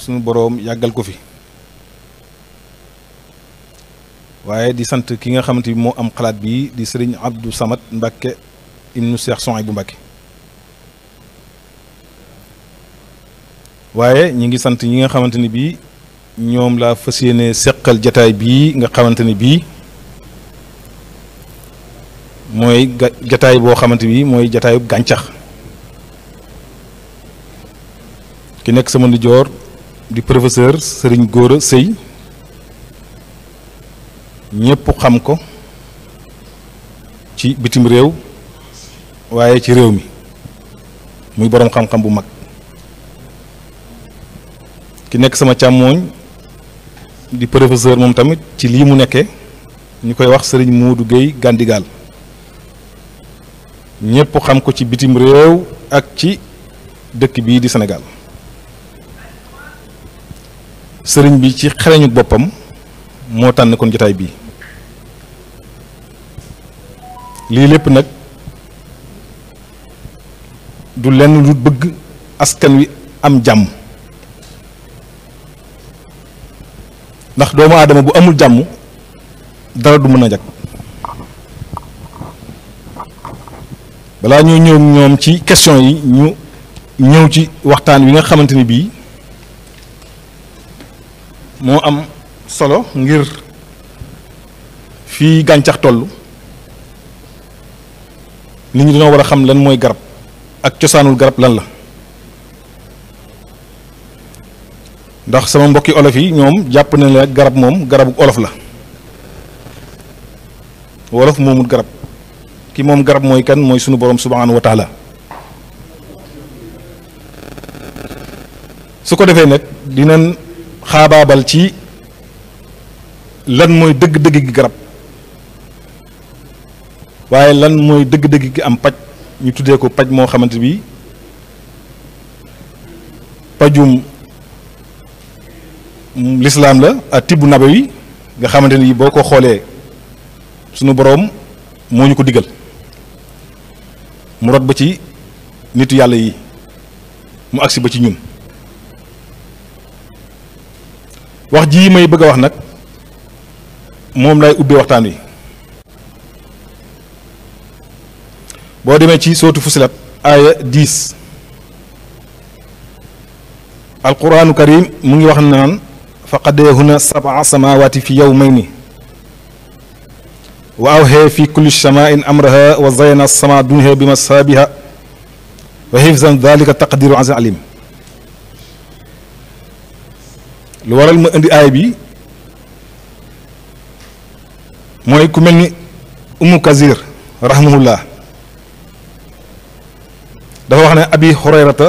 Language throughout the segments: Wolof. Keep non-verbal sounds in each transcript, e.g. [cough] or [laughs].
suñu boroom yàggal ko fi waaye di sant ki nga xamante bi moo am xalaat bii di sëriñ Abdou Samad Mbacke ibnu Cheikh bu Mbacke waaye ñi ngi sant ñi nga xamante ni bii ñoom laa fas yéene seqal jataay bii nga xamante ni bii mooy jataay boo xamante bi mooy jataayu gàncax ki nekk sama ndijoor di professeur Serigne Gora Seye ñëpp xam ko ci bitim réew waaye ci réew mi muy boroom xam-xam bu mag ki nekk sama càmmooñ di professeur moom tamit ci lii mu nekkee ñu koy wax Serigne Modou Gueye Gandigal ñëpp xam ko ci bitim réew ak ci dëkk bii di senegal sëriñ bi ci xereñu boppam moo tànn kon jotaay bii lii lépp nag du lenn lu bëgg askan wi am jàmm ndax doomu aadama bu amul jàmm dara du mën a jag balaa ñoo ñëw ñoom ci question yi ñu ñëw ci waxtaan wi nga xamante ni bii mo am solo ngir fi gantax tollu nit ñi dañu wara xam lan moy garab ak ciosanul garab lan la ndax sama mbokki olof yi ñoom japp na la garab mom garabu olof la wolof moomul garab ki mom garab moy kan moy sunu borom subhanahu wa taala su ko defee nag dinañ xaabaabal ci lan mooy dëgg-dëgg gi garab waaye lan mooy dëgg-dëgg gi am paj ñu tuddee ko paj moo xamante bi pajum lislaam la ak tibb nabawi nga xamante ni boo ko xoolee sunu boroom moo ñu ko digal mu rot ba ci nit yàlla yi mu agsi ba ci ñun wax ji may bëgg wax nak mom lay ubbé waxtan wi bo démé ci 10 القران الكريم مغي وخنان فقد هنا سبع سماوات في يومين واوهى في كل سماء امرها وزين السماء دونها بمصابها وحفظا ذلك تقدير عز عليم lu waral ma indi aay bi mooy ku mel ni umu kazir rahmahullah dafa wax ne abi hurayrata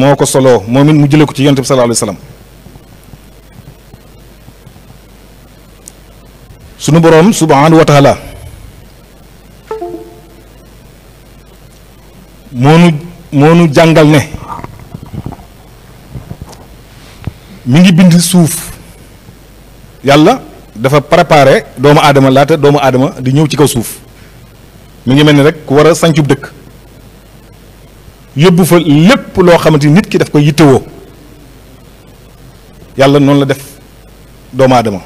moo ko soloo moom mu jële ko ci yonte bi sallallahu alayhi wasallam sunu boroom subhanahu wa taala moonu moonu jàngal ne mi ngi bind suuf yàlla dafa préparé doomu aadama laata doomu aadama di ñëw ci kaw suuf mi ngi mel ni rek ku war a sancub dëkk yóbbu fa lépp loo xamante nit ki daf ko yittewoo yàlla noonu la def doomu aadama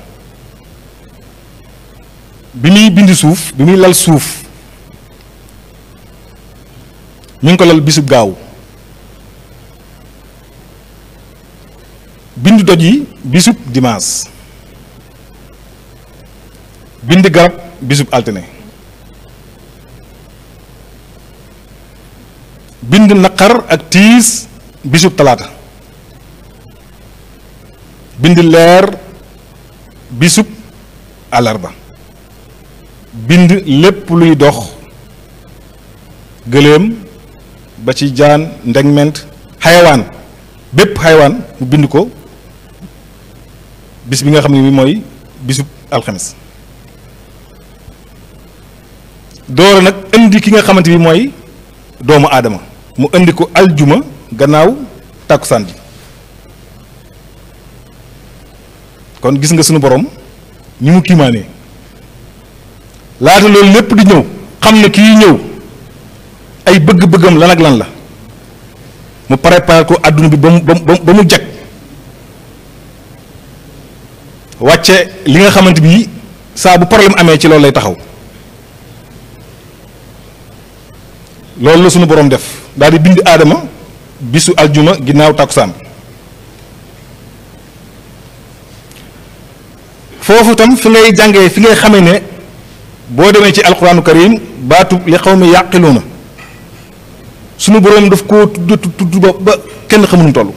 bi muy bind suuf bi muy lal suuf mi ngi ko lal bisub gaaw bind doj yi bisub dimanche bind garab bisub altine bind naqar ak tiis bisub talaata bind leer bisub àllarba bind lépp luy dox gëléem ba ci jaan ndegment xayawaan bépp xayawaan mu bind ko bis bi nga xamni bi mooy bisu alxames doora nak indi ki nga xamante bi moy doomu adama mu indi ko aljuma gannaaw takusandi kon gis nga sunu borom ñi mu kiimaanee laata loolu lepp di ñew xamne ki ñew ay bëgg-bëggam lan ak lan la mu préparer ko aduna bi ba mu ba wàcce li nga xamante bi saa bu problème amee ci loolu lay taxaw loolu la suñu boroom def daal di bind aadama bisu aljuma ginnaaw tàkkusaan foofu tam fi ngay jàngee fi ngay xamee ne boo demee ci alquranu karim baatu li xaw mi yàqiluuna suñu boroom daf koo tudd tudd ba kenn xamuñu toll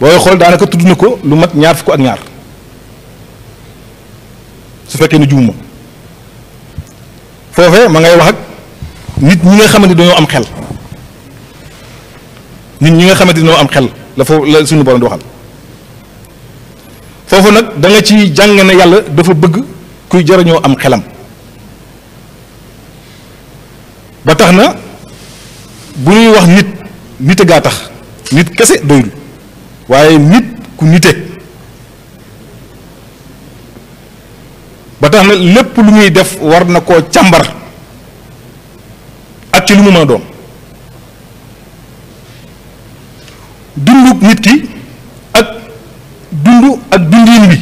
booy xool daanaka tudd na ko lu mat ñaar fukk ak ñaar su fekkee ne juuma foofe ma ngay wax ak nit ñi nga xamante dañoo am xel nit ñi nga xamante dañoo am xel la foofu la suñu borom di waxal foofu nag danga ci jàng ne yàlla dafa bëgg kuy jarañoo am xelam ba tax na bu ñuy wax nit nit a gaa tax nit kese doyul waaye nit ku nite ba tax na lépp lu muy def war na koo càmbar ak ci lu mu mën a doon dund nit ki ak dund ak dundiin bi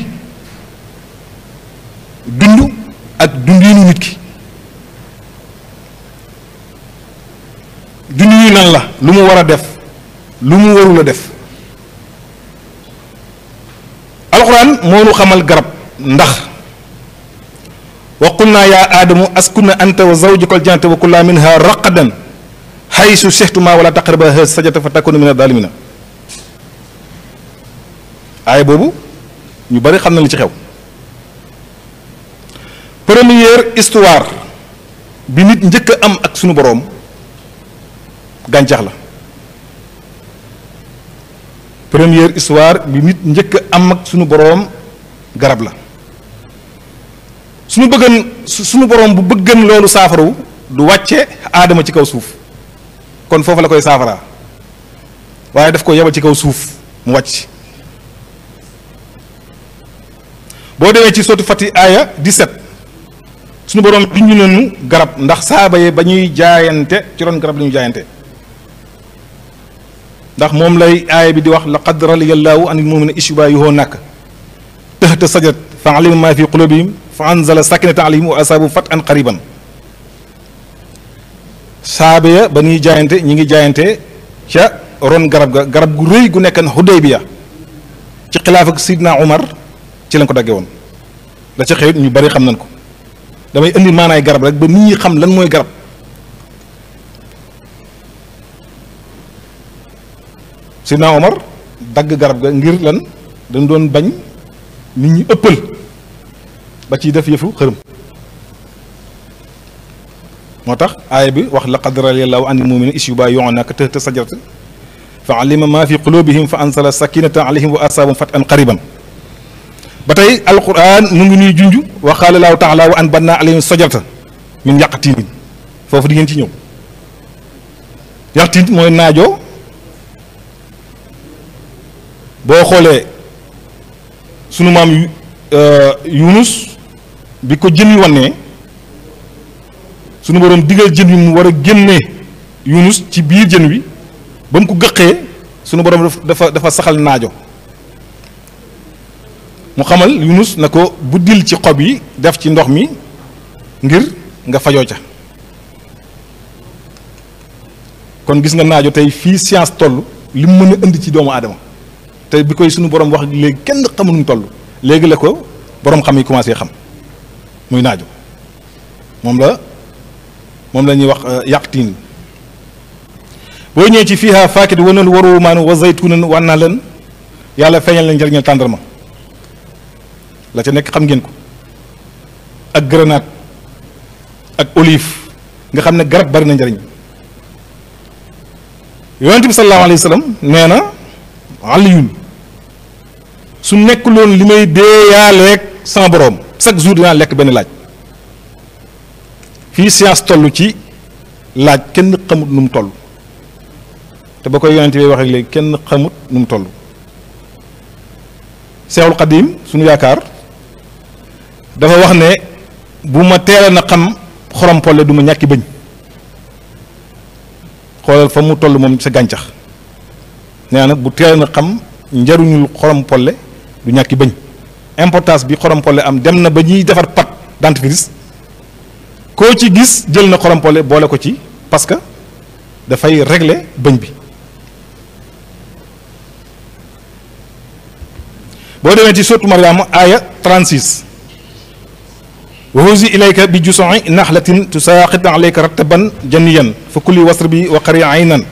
dund ak dundiinu nit ki dundiinu nan la lu mu war a def lu mu warul a def alquran moo nu xamal garab ndax waqul naa yaa aadamu askuna anta wa zawjuka aljannata wa kula minha raqadan haysu sextuma wala taqriba ha sajata fa takunu min adaalimina aaya boobu ñu bari xam na li ci xew première histoire bi nit njëkk am ak sunu boroom gàncax la première histoire bi nit njëkk am ak suñu boroom garab la suñu bëggan suñu boroom bu bëggan loolu saafarawu du wàcce aadama ci kaw suuf kon foofu la koy saafaraa waaye daf ko yebal ci kaw suuf mu wàcc boo demee ci sotti fati aaya 17 suñu boroom junj nañu garab ndax saaba yee ba ñuy jaayante ci ron garab la ñuy jaayante ndax mom lay ay bi di wax laqad radiyallahu anil mu'minina yuho nak tahta sajdat fa'alima ma fi qulubihim fa anzala sakinata alayhim wa asabu fat'an qariban saabe ya ba ñuy ñi ngi jayante ca ron garab ga garab gu rëy gu nekkan Hudaybiya ci khilaf ak Sidna Umar ci lañ ko dagge won da ci xewit ñu bari xam nañ ko damay andi manay garab rek ba mi xam lan moy garab Seydina Omar dagg garab ga ngir lan dañ doon bañ nit ñi ëppal ba ci def yëfu xërëm moo tax aaya bi wax laqad radiyallahu anil mu'minina is yubaayi'unaka tahta sajarati fa alima ma fi qulubihim fa ansala sakinata alayhim wa asaabahum fathan qariban ba tey alquran mu ngi nuy junj wa qaala llaahu taala wa anbatna alayhim sajarata min yaqtiin foofu di ci ñëw yaqtiin mooy naajo boo xoolee sunu maam euh, Yunus bi ko jën wannee sunu boroom digal jën wi mu war a génne Yunus ci biir jën wi ba mu ko gëqee sunu boroom dafa dafa saxal naajo mu xamal Yunus na ko buddil ci xob yi def ci ndox mi ngir nga fajoo ca kon gis nga naajo tey fii science toll li mu mën a indi ci doomu aadama te bi koy suñu borom wax léegi kenn xamul ñu tollu léegi la ko borom xam yi commencé xam muy naaju mom la mom lañuy wax yaqtin bo ñëwee ci fiha faakit wanan waru man wa zaytun wa annaalan yàlla feñal na njëriñal tàndarma la ci nek xam ngeen ko ak grenade ak olive nga xamne garab bari na njëriñ yoonte bi sallallahu alayhi wasallam neena aliyun su nekk loon li may deeyaaleeg sans borom chaque jour dinaa lekk benn laaj fii science toll ci laaj kenn xamut nu mu toll te ba koy yonente bi wax léegi kenn xamut nu mu toll seexul xadim suñu yaakaar dafa wax ne bu ma teeloon na xam xorompolle polle du ma ñàkki bëñ xoolal fa mu toll moom sa gàncax nee nag bu teeloon na xam njariñul xorom du ñàkki bañ importance bi xorom-polle am dem na ba ñuy defar pâte dentifrice koo ci gis jël na xorom-polle boole ko ci parce que dafay régler bañ bi boo demee ci sourate Maryam aaya 36 wa huzi ilayka bi jus'i naxlatin tusaaqit alayka rattaban janiyan fa kuli wasrabi wa qari aynan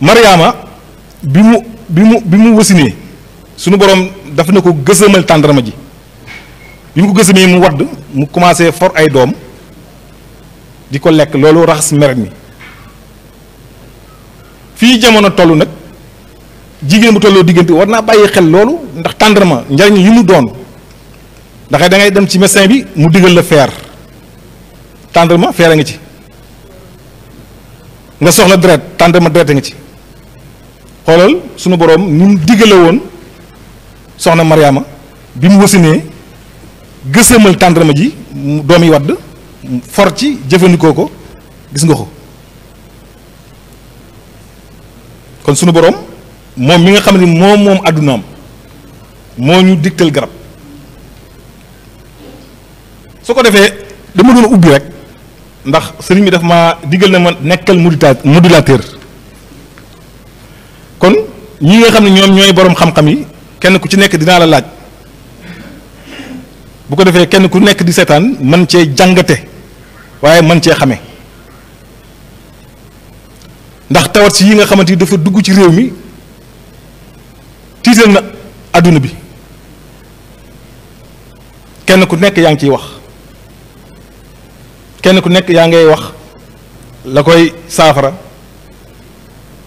Maryama bi mu bi mu bi mu wasinee sunu borom daf na ko gësëmal tàndarma ji bi mu ko gësamee mu wadd mu commencé for ay doom di ko lekk loolu raxas meret mi fii jamono tollu nag jigéen bu tolloo diggante war naa bàyyi xel loolu ndax tàndarma njariñ yi mu doon ndax da ngay dem ci messin bi mu digal la fer tàndarma fer a ngi ci nga soxla deret tàndarma deret a ngi ci xoolal sunu borom ni mu digale woon. soxna Mariama bi mu wasinee gësëmal tàndarma ji doom yi wadd for ci jëfandikoo ko gis nga ko kon sunu borom moom mi nga xam ni moom moom àddunaam moo ñu digtal garab su ko defee dama doon ubbi rek ndax sëriñ bi daf ma diggal na ma nekkal modulateur kon ñi nga xam ne ñoom ñooy boroom xam-xam yi kenn ku ci nekk dinaa la laaj bu ko defee kenn ku nekk di seetaan man cee jàngate waaye mën cee xame ndax tawat si yi nga xamante ni dafa dugg ci réew mi tiital na àdduna bi kenn ku nekk yaa ngi ciy wax kenn ku nekk yaa ngay wax la koy saafara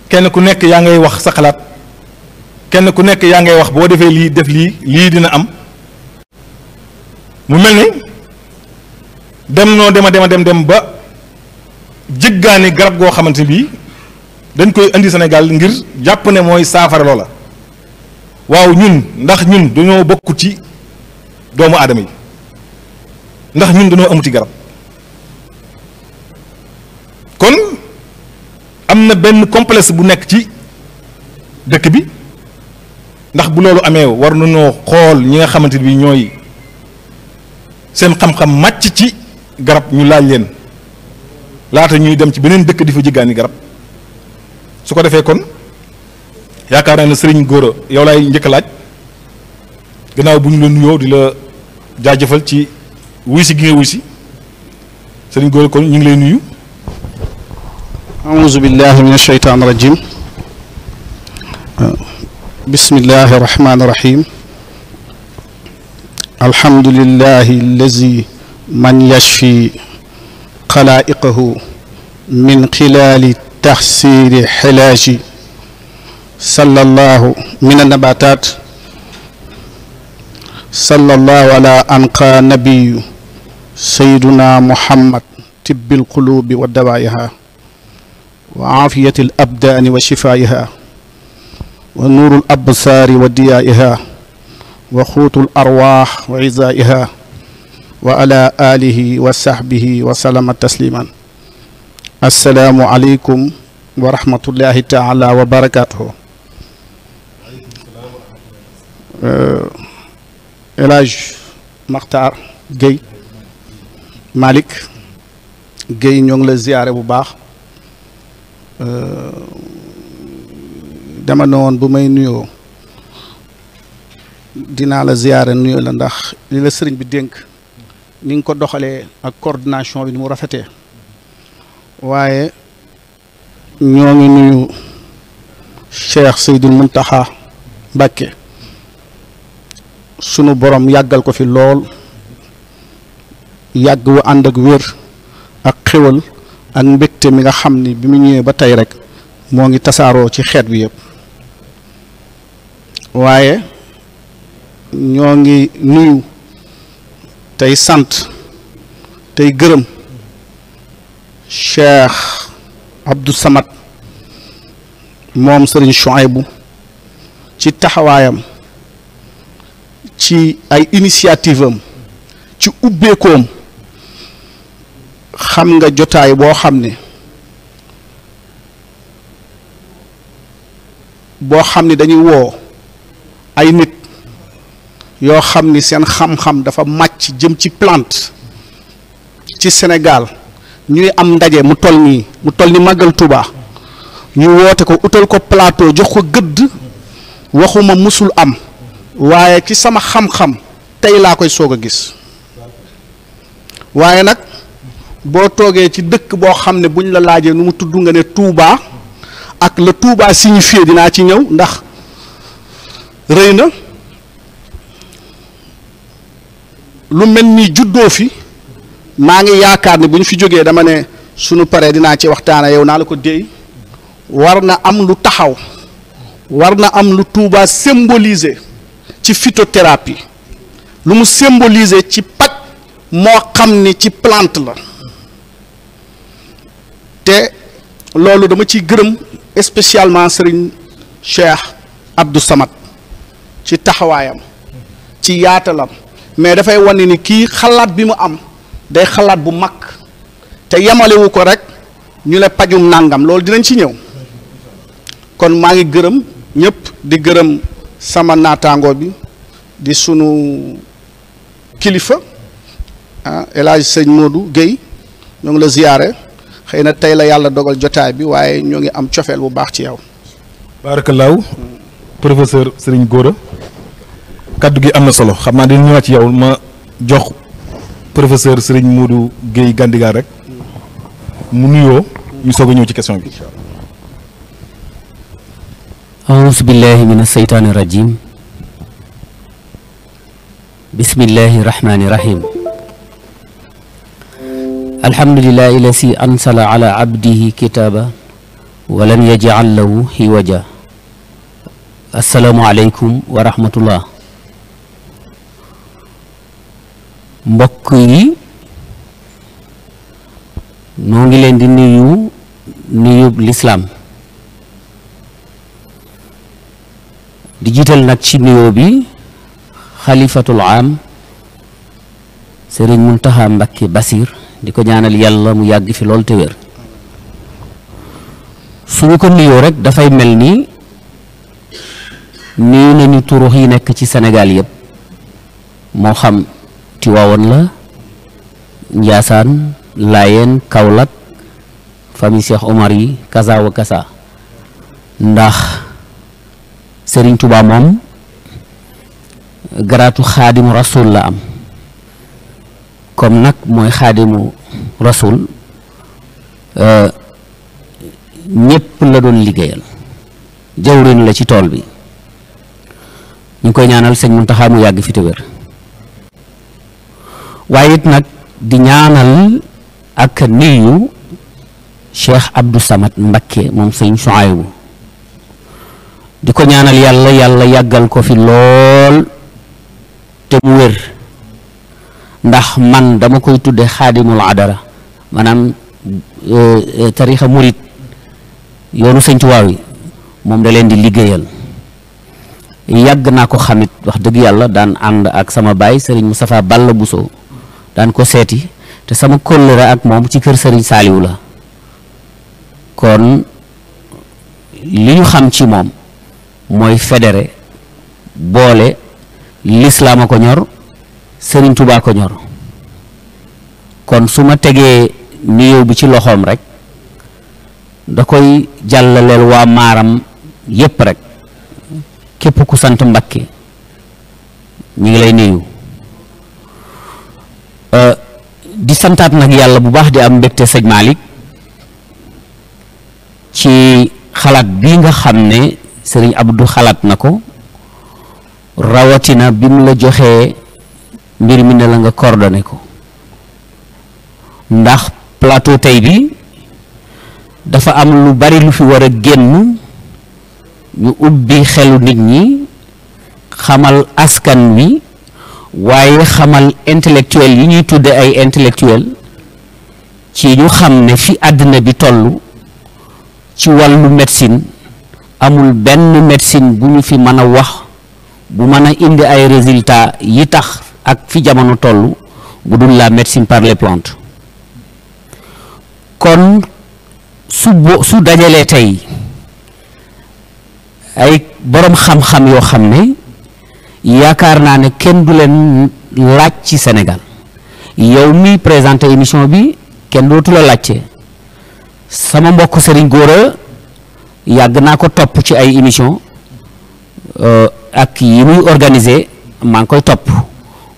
kenn ku nekk yaa ngay wax sa xalaat kenn ku nekk yaa ngay wax boo defee lii def lii lii dina am mu mel ni dem noo dema dema dem dem ba jëggaani garab goo xamante bii dañ koy indi Sénégal ngir jàpp ne mooy saafara loola waaw ñun ndax ñun dañoo bokk ci doomu aadama yi ndax ñun dañoo amuti garab kon am na benn complexe bu nekk ci dëkk bi ndax bu loolu amee war noo xool ñi nga xamante bi ñooy seen xam-xam màcc ci garab ñu laaj leen laata ñuy dem ci beneen dëkk di fa jiggaani garab su ko defee kon yaakaar naa ne sëriñ góora yow lay njëkk laaj gannaaw bu ñu la nuyoo di la jaajëfal ci wuy si gi nga wuy si sëriñ góora kon ñu ngi lay nuyu auzu billahi min asheytaan rajim بسم الله الرحمن الرحيم الحمد لله الذي من يشفي خلائقه من خلال تحسير حلاج صلى الله من النباتات صلى الله على أنقى نبي سيدنا محمد طب القلوب ودوائها وعافية الأبدان وشفائها ونور الأبصار وديائها وخوت الأرواح وعزائها وعلى آله وصحبه وسلم تسليما السلام عليكم ورحمة الله تعالى وبركاته أه، إلاج مختار جي مالك جي نيونغ لزيارة بباخ أه، dama ne woon bu may nuyoo dinaa la ziyaara nuyoo la ndax li la sëriñ bi dénk ni nga ko doxalee ak coordination bi ni mu rafetee waaye ñoo ngi nuyu Cheikh Seydil Muntaxa Mbàkke sunu borom yàggal ko fi lool yàgg wu ànd ak wér ak xéwal ak mbégte mi nga xam ni bi mu ñëwee ba tey rek moo ngi tasaaroo ci xeet bi yëpp waaye ñoo ngi nuyu tey sant tey gërëm Cheikh Abdou Samad moom Serigne Chouaïbou ci taxawaayam ci ay initiative am ci ubbeekoom xam nga jotaay boo xam ne boo xam ni dañuy woo ay nit yoo xam ni seen xam-xam dafa màcc jëm ci plant ci Sénégal ñuy am ndaje mu toll nii mu toll ni màggal Touba ñu woote ko utal ko plateau jox ko gëdd waxuma musul am waaye ci sama xam-xam tey laa koy soog a gis waaye nag boo toogee ci dëkk boo xam ne buñ la laajee nu mu tudd nga ne Touba ak la Touba signifie dinaa ci ñëw ndax rëy na lu mel ni juddoo fi maa ngi yaakaar ne bu ñu fi jógee dama ne sunu paree dinaa ci waxtaana yow naa la ko déy war na am lu taxaw war na am lu Touba symboliser ci phytothérapie lu mu symboliser ci paj moo xam ni ci plante la te loolu dama ciy gërëm spécialement Serigne Cheikh Abdou Samad ci taxawaayam ci yaatalam mais dafay wane ni kii xalaat bi mu am day xalaat bu mag te yamalewu ko rek ñu ne pajum nàngam loolu dinañ ci ñëw kon maa ngi gërëm ñëpp di gërëm sama naataango bi di sunu kilifa ah El Hadj Sëñ ñoo ngi la ziyaare xëy na tey la yàlla dogal jotaay bi waaye ñoo ngi am cofeel bu baax ci yow. professeur serigne goro kaddu gi amna solo xamna di ñu wacc yow ma jox professeur serigne moudou gey gandiga rek mu nuyo ñu soga ñew ci question bi a'udhu billahi minash rajim bismillahir rahmanir rahim alhamdulillahi lasi ansala ala abdihi kitaba wa lam yaj'al lahu hiwaja asalaamualeykum wa rahmatullah mbokk yi noo ngi leen di nuyu nuyub lislaam di jiital nag ci nuyoo bi xalifatul am sëriñ taxa mbakki Basiir di ko ñaanal yàlla mu yàgg fi lool te wér suñu ko nuyoo rek dafay mel ni néew nañu turu yi nek ci senegal yeb mo xam wawon la Njaasaan layen kaulat fami Cheikh Omar yi kaza wa kaza ndax Serigne Touba mom gratu khadim rasul la am comme nak moy rasul euh, ñepp la doon liggéeyal jawrin la ci tol bi ñu koy ñaanal señ muntaha mu yàgg fi te wér waaye it nag di ñaanal ak nuyu Cheikh Abdou Samad Mbakke moom señ Suaybu di ko ñaanal yàlla yàlla yàggal ko fi lool te mu wér ndax man dama koy tudde xaadimul adara maanaam eh, eh, tarixa murit yoonu señ Tuubaa da leen di liggéeyal yag na ko xamit wax deug yalla dan and ak sama bayi Serigne Moustapha ballo buso dan ko seti te sama kolera ak mom ci keur Serigne Saliou la kon li ñu xam ci mom moy fédéré bolé l'islam ko ñor Serigne Touba ko ñor kon sumatege tégué bici nuyoo bi ci loxom rek da koy jallalel wa maram yépp rek képp ku sant Mbàkke ñu ngi lay nuyu euh, di santaat nag yàlla bu baax di am mbégte sëñ Malick ci xalaat bi nga xam ne ab du xalaat na ko rawatina bi mu la joxee mbir mi ne la nga coordonné ko ndax plateau tey bi dafa am lu bari lu fi war a génn ñu ubbi xelu nit ñi xamal askan wi waaye xamal intellectuel yi ñuy tudde ay intellectuel ci ñu xam ne fi àddina bi toll ci wàllu médecine amul benn médecine bu ñu fi mën a wax bu mën a indi ay résultats yi tax ak fi jamono toll bu dul la médecine par les plantes kon su bo su dajalee tey ay boroom xam-xam yoo xam ne yaakaar naa ne kenn du leen laaj ci Sénégal yow mi présenté émission bi kenn dootu la laajte sama mbokk Serigne Gora yàgg naa ko topp ci ay émission euh, ak yi muy organisé maa ngi koy topp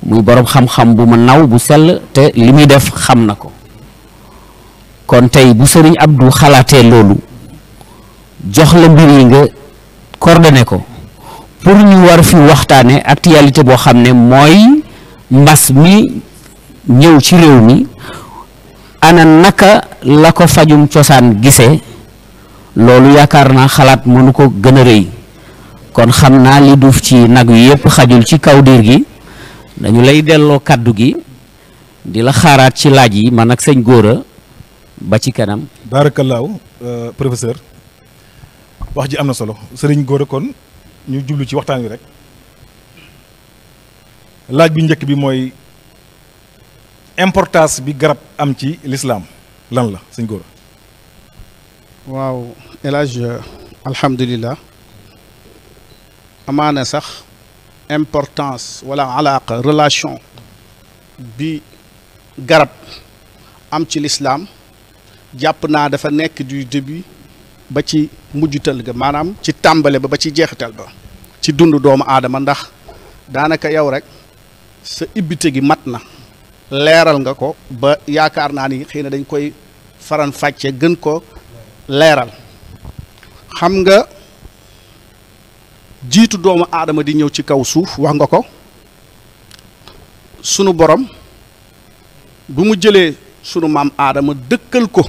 muy boroom xam-xam bu ma naw bu sell te li muy def xam na ko kon tey bu Serigne du xalaatee loolu jox la mbir nga coordonné ko pour ñu war fi waxtaane actualité boo xam ne mooy mbas mi ñëw ci réew mi ana naka la ko fajum cosaan gisee loolu yaakaar naa xalaat mënu ko gën a rëy kon xam naa li duuf ci nag wi yëpp xajul ci kaw gi dañu lay delloo kàddu gi di la xaaraat ci laaj yi man ak sëñ góora ba ci kanam baarakallaahu euh, professeur wax ji amna solo sëriñ góor kon ñu jublu ci waxtan yi rek laaj bi njëkk bi moy importance bi garab am ci l'islam lan la sëñ góor waaw El Hadj amana sax importance wala alaqa relation bi garab am ci l'islam japp na dafa nekk du début ba ci mujjutal ga maanaam ci tàmbali ba ba ci jeexital ba ci dund doomu aadama ndax daanaka yow rek sa ibbite gi mat na leeral nga ko ba yaakaar naa ni xëy na dañ koy faran fàcce gën ko leeral xam nga jiitu doomu aadama di ñëw ci kaw suuf wax nga ko sunu borom bu mu jëlee sunu maam aadama dëkkal ko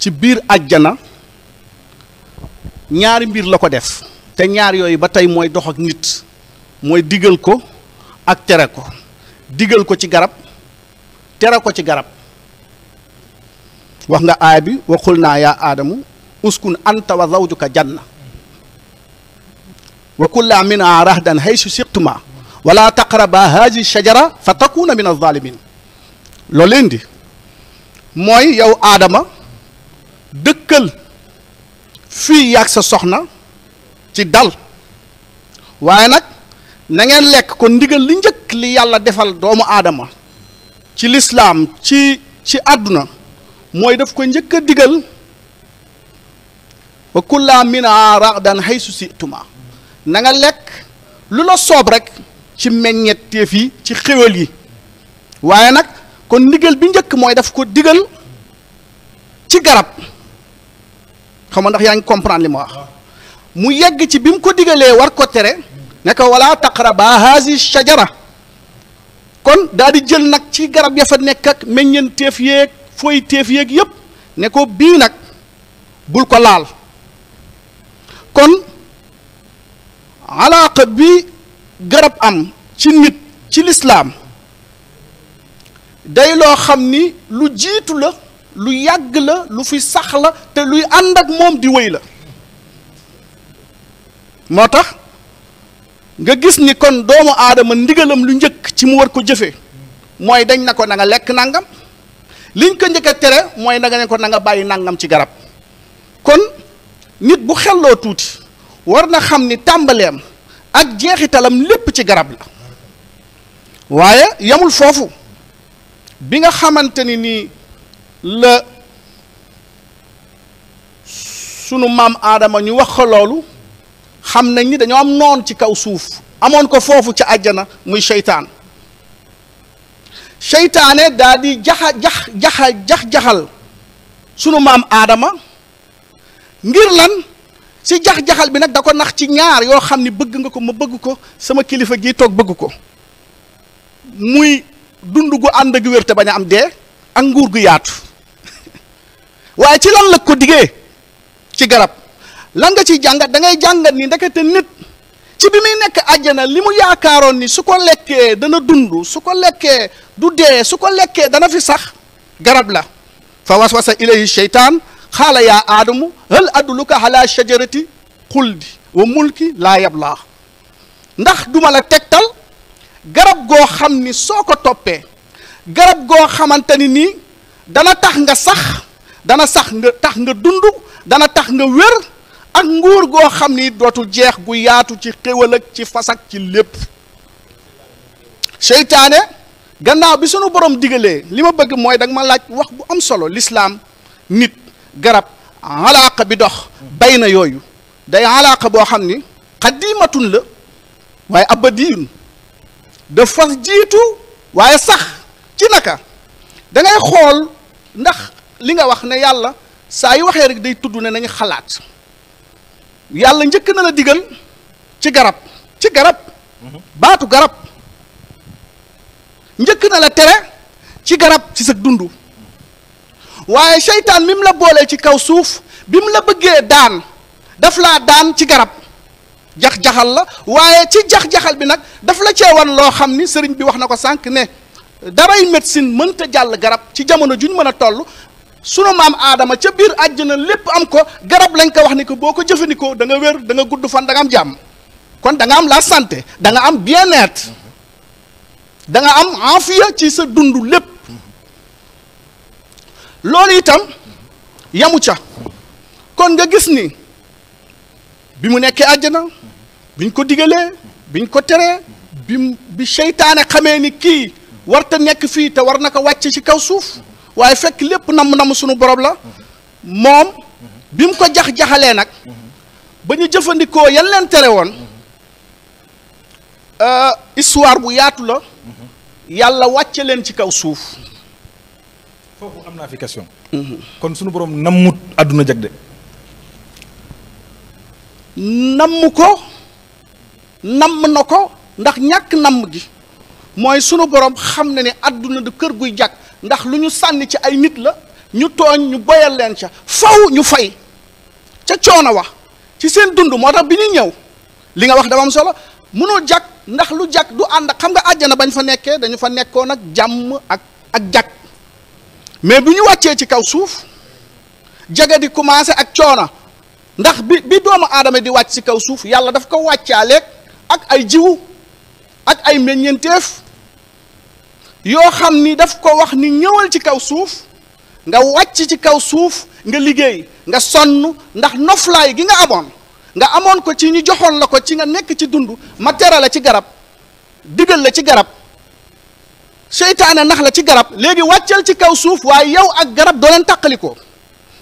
ci biir àjjana ñaari mbir lako def te ñaar yoy ba tay moy dox ak nit moy digal ko ak tere ko digal ko ci garab tere ko ci garab wax nga ay bi waxulna ya adam uskun anta wa zawjuka janna wa kulla min arahdan haysu siqtuma wala taqraba هذه shajara فتكون من min alzalimin loolu leen di mooy fii yàgg sa soxna ci dal waaye nag nangeen ngeen lekk ko ndigal li njëkk li yàlla defal doomu aadama ci lislaam ci ci àdduna mooy daf ko njëkk a digal wa kulla mina raxdan haysu situma na nga lekk lu la soob rekk ci meññet yi ci xéwal yi waaye nag kon ndigal bi njëkk mooy daf ko digal ci garab xam ma ndax yaa ngi comprendre li ma wax mu yegg ci bi mu ko digalee war ko tere ne ko wala taqraba shajara kon daal di jël nag ci garab ya fa nekk ak meññeenteef yeeg fooy teef yeeg yépp ne ko bii nag bul ko laal kon alaaqa bi garab am ci nit ci lislaam day loo xam ni lu jiitu la lu yàgg la lu fi sax la te luy ànd ak moom di wéy la moo tax nga gis ni kon doomu aadama ndigalam lu njëkk ci mu war ko jëfe mooy dañ na ko na nga lekk nangam liñ ko njëkk a tere mooy na nga ne ko na nga bàyyi nangam ci garab kon nit bu xelloo tuuti war na xam ni tàmbaleem ak jeexitalam lépp ci garab la waaye yamul foofu bi nga xamante ni nii la sunu maam aadama ñu wax loolu xam nañ ni dañoo am noon ci kaw suuf amoon ko foofu ca àjjana muy seytaan seytaane daal di jaxa jax jaxa jax jaxal sunu maam aadama ngir lan si jax-jaxal bi nag da ko nax ci ñaar yoo xam ni bëgg nga ko ma bëgg ko sama kilifa gi toog bëgg ko muy dund gu ànd ak wérte bañ a am dee ak nguur gu yaatu waaye ci lan la ko digee ci garab lan nga ciy jàngat dangay jàngat ni ndekete nit ci bi muy nekk àjjana li mu yaakaaroon ni su ko lekkee dana dund su ko lekkee du dee su ko lekkee dana fi sax garab la fa waswasa ilayhi sheytaan xaala yaa aadamu hal aduluka ala shajarati xuldi wa mulki laa yablaa ndax duma la tegtal garab goo xam ni soo ko toppee garab goo xamante ni nii dana tax nga sax dana sax nga tax nga dund dana tax nga wér ak nguur goo xam ni dootul jeex gu yaatu ci xéwal ak ci fasak ci lépp seytaane gannaaw bi sunu boroom digalee li ma bëgg mooy danga ma laaj wax bu am solo lislaam nit garab alaaqa bi dox bay na yooyu day alaaqa boo xam ni xadimatun la waaye abadiyun dafa jiitu waaye sax ci naka dangay xool ndax li nga wax ne yàlla saa yu waxee rek day tudd ne nañu xalaat yàlla njëkk na la digal ci garab ci garab mhm. baatu garab njëkk na la tere ci garab ci sa dund waaye seytaan mi mu la boolee ci kaw suuf bi mu la bëggee daan daf laa daan ci garab jax-jaxal la waaye ci jax-jaxal bi nag daf la ceewan loo xam ni sëriñ bi wax na ko sànq ne daray médecine mënta jàll garab ci jamono juñ mën a toll sunu maam aadama ca biir àjjana lépp am ko garab lañ ko wax ni ko boo ko jëfandikoo danga wér danga gudd fan da nga am jàmm kon danga am laa sante danga am bien-être da am aafiya ci sa dund lépp loolu itam yamu ca kon nga gis ni bi mu nekkee àjjana biñ ko digalee biñ ko teree bi bi seytaane xamee ni kii war warta nekk fii te war na ko wàcce ci kaw suuf waaye fekk lépp namm namm sunu borom la moom bi mu ko jax-jaxalee nag ba ñu jëfandikoo yan leen tere woon euh, histoire bu yaatu la yàlla wàcce leen ci kaw suuf foofu am naa fi question kon sunu borom nammut àdduna jag de namm ko namm na ko ndax ñàkk namm gi mooy sunu borom xam ne ne àdduna du kër guy jàkk ndax lu sanni ci ay nit la ñu togn ñu boyal len ca faw ñu fay ca coono wax ci seen dundu moo tax bi ñuy li nga wax dama am solo mënoo jak ndax lu jak du and xam nga aljana bañ fa nekké dañu fa nekko ak jam ak ak jak mais buñu ñu ci kaw suuf jaga di commencé ak ndax bi bi doomu di wacc ci kaw suuf yalla daf ko ak ay jiwu ak ay meññentef yoo xam ni daf ko wax ni ñëwal ci kaw suuf nga wàcc ci kaw suuf nga liggéey nga sonn ndax noflaay gi nga amoon nga amoon ko ci ñu joxoon la ko ci nga nekk ci dund ma tere ci garab digal la ci garab seytaane nax la ci garab léegi wàccal ci kaw suuf waaye yow ak garab doo leen tàqali ko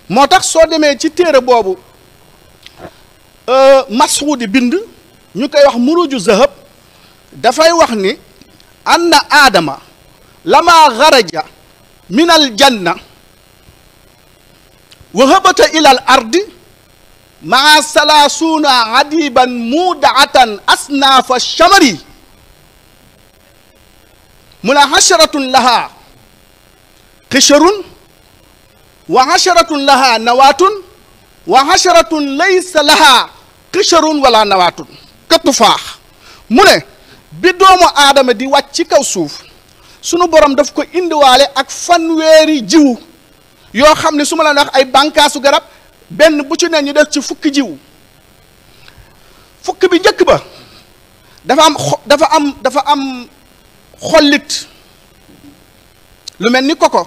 moo tax soo demee ci téere boobu euh, masxuudi bind ñu koy wax muruju zahab dafay wax ni anna aadama لما غرج من الجنة وهبط إلى الأرض مع سلاسون عديبا مودعة أصناف الشمر منحشرة لها قشر وعشرة لها نوات وعشرة ليس لها قشر ولا نوات كتفاح من بدوم آدم دي واتشي كوسوف sunu borom daf ko indiwaale ak fanweeri jiw yoo xam ne su ma la wax ay bànkaasu garab benn bu ci ne ñu def ci fukki jiw fukk bi njëkk ba dafa am dafa am dafa am xollit lu mel ni koko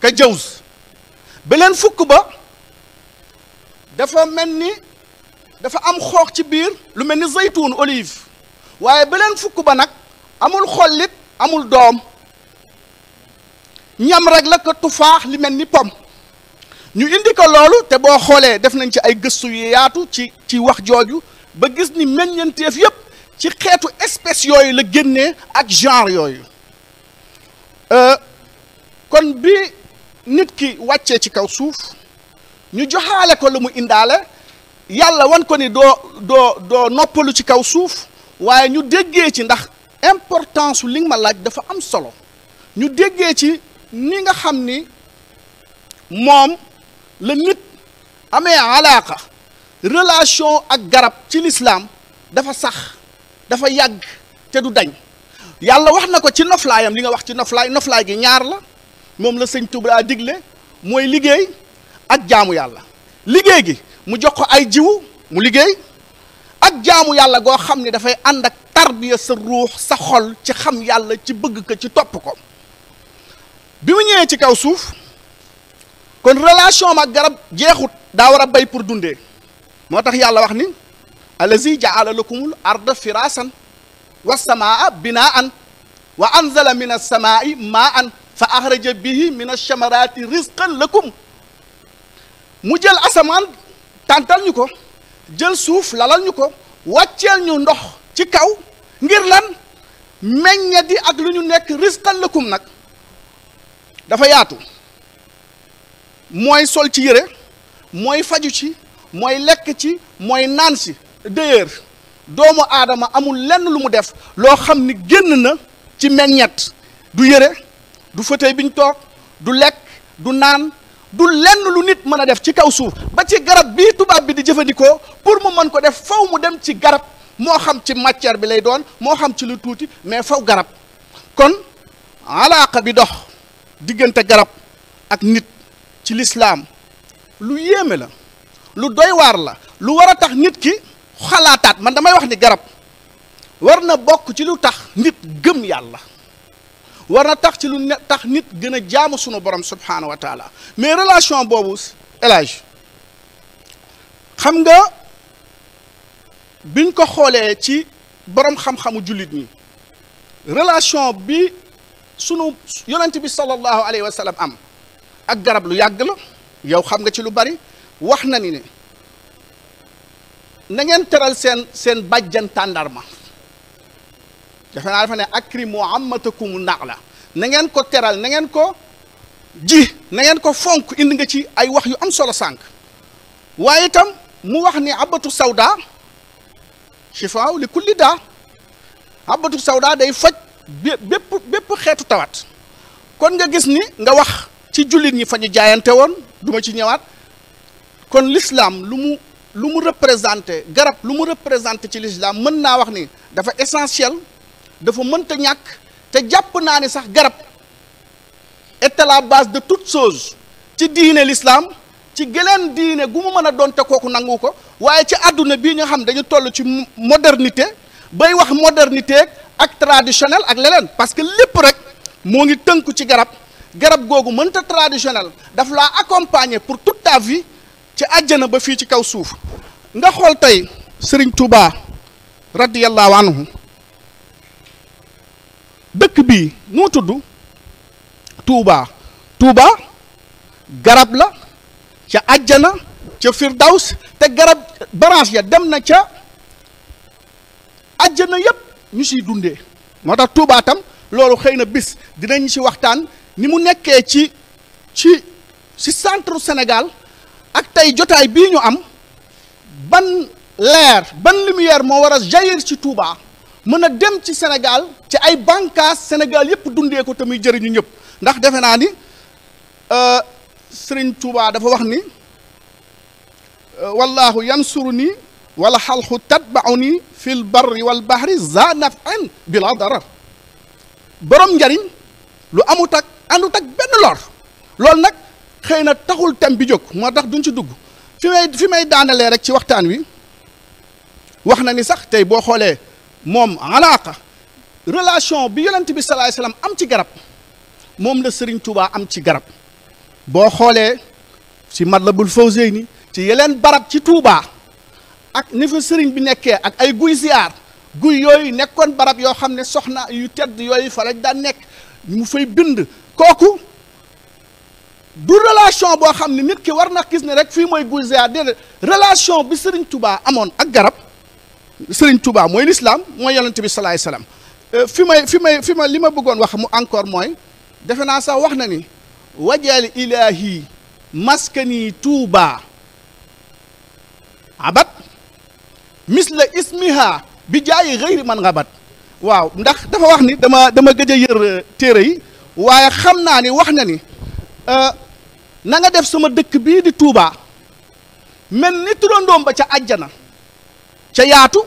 ka jawz beneen fukk ba dafa mel ni dafa am xoox ci biir lu mel ni zaytuun olive waaye beneen fukk ba nag amul xollit amul doom ñam rek la ko tufaax li mel ni pom ñu indi ko loolu te boo xoolee def nañ ci ay gëstu yaatu ci ci wax jooju ba gis ni meññanteef yépp ci xeetu espèce yooyu la génnee ak genre yooyu euh, kon bi nit ki wàccee ci kaw suuf ñu joxaale ko lu mu indaale yàlla wan ko ni doo doo doo noppalu ci kaw suuf waaye ñu déggee ci ndax importance su li nga ma laaj dafa am solo ñu déggee ci ni nga xam ni moom la nit amee alaaka relation ak garab ci lislaam dafa sax dafa yàgg te du dañ yàlla wax na ko ci noflaayam li nga wax ci noflaay noflaay gi ñaar la moom la sëñ Tuubaa digle mooy liggéey ak jaamu yàlla liggéey gi mu jox ko ay jiwu mu liggéey ak jaamu yàlla go xamni da fay ànd ak tarbiya sa ruh sa xol ci xam yàlla ci bëgg ko ci top ko bi mu ñëwee ci kaw suuf kon relation ma garab jeexut da wara bay pour dundé motax yàlla wax ni allazi jaala lakumul arda firasan was-samaa'a binaan wa anzala minas samaa'i maan fa akhraja bihi min shamarati rizqan lakum mu jël asaman tàntal ñuko jël suuf lalal ñu ko wàcceel ñu ndox ci kaw ngir lan meññe di ak lu ñu nekk risqan lakum nag dafa yaatu mooy sol ci yére mooy faju ci mooy lekk ci mooy naan ci d'ailleurs doomu aadama amul lenn lu mu def loo xam ni génn na ci meññet du yére du fauteuil bi ñu toog du lekk du naan du lenn lu nit mën a def ci kaw suuf ba ci garab bi tubaab bi di jëfandikoo pour mu mën ko def faw mu dem ci garab moo xam ci matière bi lay doon moo xam ci lu tuuti mais faw garab kon alaaqa bi dox diggante garab ak nit ci lislaam lu yéeme la lu doy waar la lu war a tax nit ki xalaataat man damay wax ni garab war na bokk ci lu tax nit gëm yàlla warna tax ci lu tax nit gëna jaamu sunu borom subhanahu wa taala mais relation bobu élage xam nga biñ ko xolé ci borom xam-xamu julit ñi relation bi sunu yonent bi sallallahu alayhi wa sallam am ak garab lu yàgg la yow xam nga ci lu bari wax na ni ne na ngeen teral sen sen bàjjan tàndarma defe naa dafa ne ak akrimu ammatakum naax la na ngeen ko teral na ngeen ko ji nangeen ko fonk indi nga ci ay wax yu am solo sànq waaye itam mu wax ni abatu sawda shifaaw li kulli daa abatu sawda day faj bépp xeetu tawaat kon nga gis ni nga wax ci jullit ñi fa ñu jaayante woon duma ci ñëwaat kon l'islam lu mu lu mu représenté garab lu mu représenté ci l'islam mën naa wax ni dafa essentiel dafa mënta ñàkk te jàpp naa ne sax garab est la base de toute chose ci diine l'islam ci gëleen diine gu mu mën a doon te kooku nangu ko waaye ci àdduna bii nga xam dañu toll ci modernité bay wax modernité ak traditionnel ak leneen parce que lépp rek moo ngi tënku ci garab garab googu mënta traditionnel daf laa accompagner pour toute ta vie ci àjjana ba fii ci kaw suuf nga xool tey Serigne Touba radiyallahu anhu dëkk bii moo tudd Touba Touba garab la ca ajjana ca firdaws te garab branche ya dem na ca ajjana yépp ñu siy dundee moo tax Touba tam loolu xëy na bis dinañ si waxtaan ni mu nekkee ci ci ci centre Sénégal ak tey jotaay bii ñu am ban leer ban lumière moo war a jaillir ci Touba mën a dem ci senegal ci ay bànqaas Sénégal yëpp dundee ko te muy jëriñu ñëpp ndax defe naa ni euh, Sëriñ Tuubaa dafa wax ni euh, wallaahu yansuru nii wala xalxu tatbau nii fil barri wal bahri za nafan bila dara boroom njariñ lu amut ak àndut ak benn lor loolu nag xëy na taxul thème bi jóg moo tax duñ ci dugg fi may fi may daanalee rek ci waxtaan wi wax na ni sax tey boo xoolee mom alaqa relation bi yonent bi sallallahu alayhi wasallam am ci garab mom la Serigne Touba am ci garab bo xolé ci madlabul Fawzeyni ci yelen barab ci Touba ak ni fa Serigne bi nekké ak ay guuy ziar guuy yoy nekkon barab yo xamné soxna yu tedd yoy fa lañ da nek mu fay bind koku du relation bo xamné nit ki warna gis ne rek fi moy guuy ziar déedéet relation bi Serigne Touba amone ak garab. serigne Touba mooy Islam, mooy yonent bi salaay salaam euh, fi may fi may fi ma li wax mu encore moy defena sa wax na ni wajal ilahi maskani Touba abat misla ismiha bi jay ghayr man rabat waaw ndax dafa wax ni dama dama gëj yeur téré yi waye xamna ni wax na ni euh, na nga def sama dëkk bi di Touba men ni dom ba ca aljana ca yaatu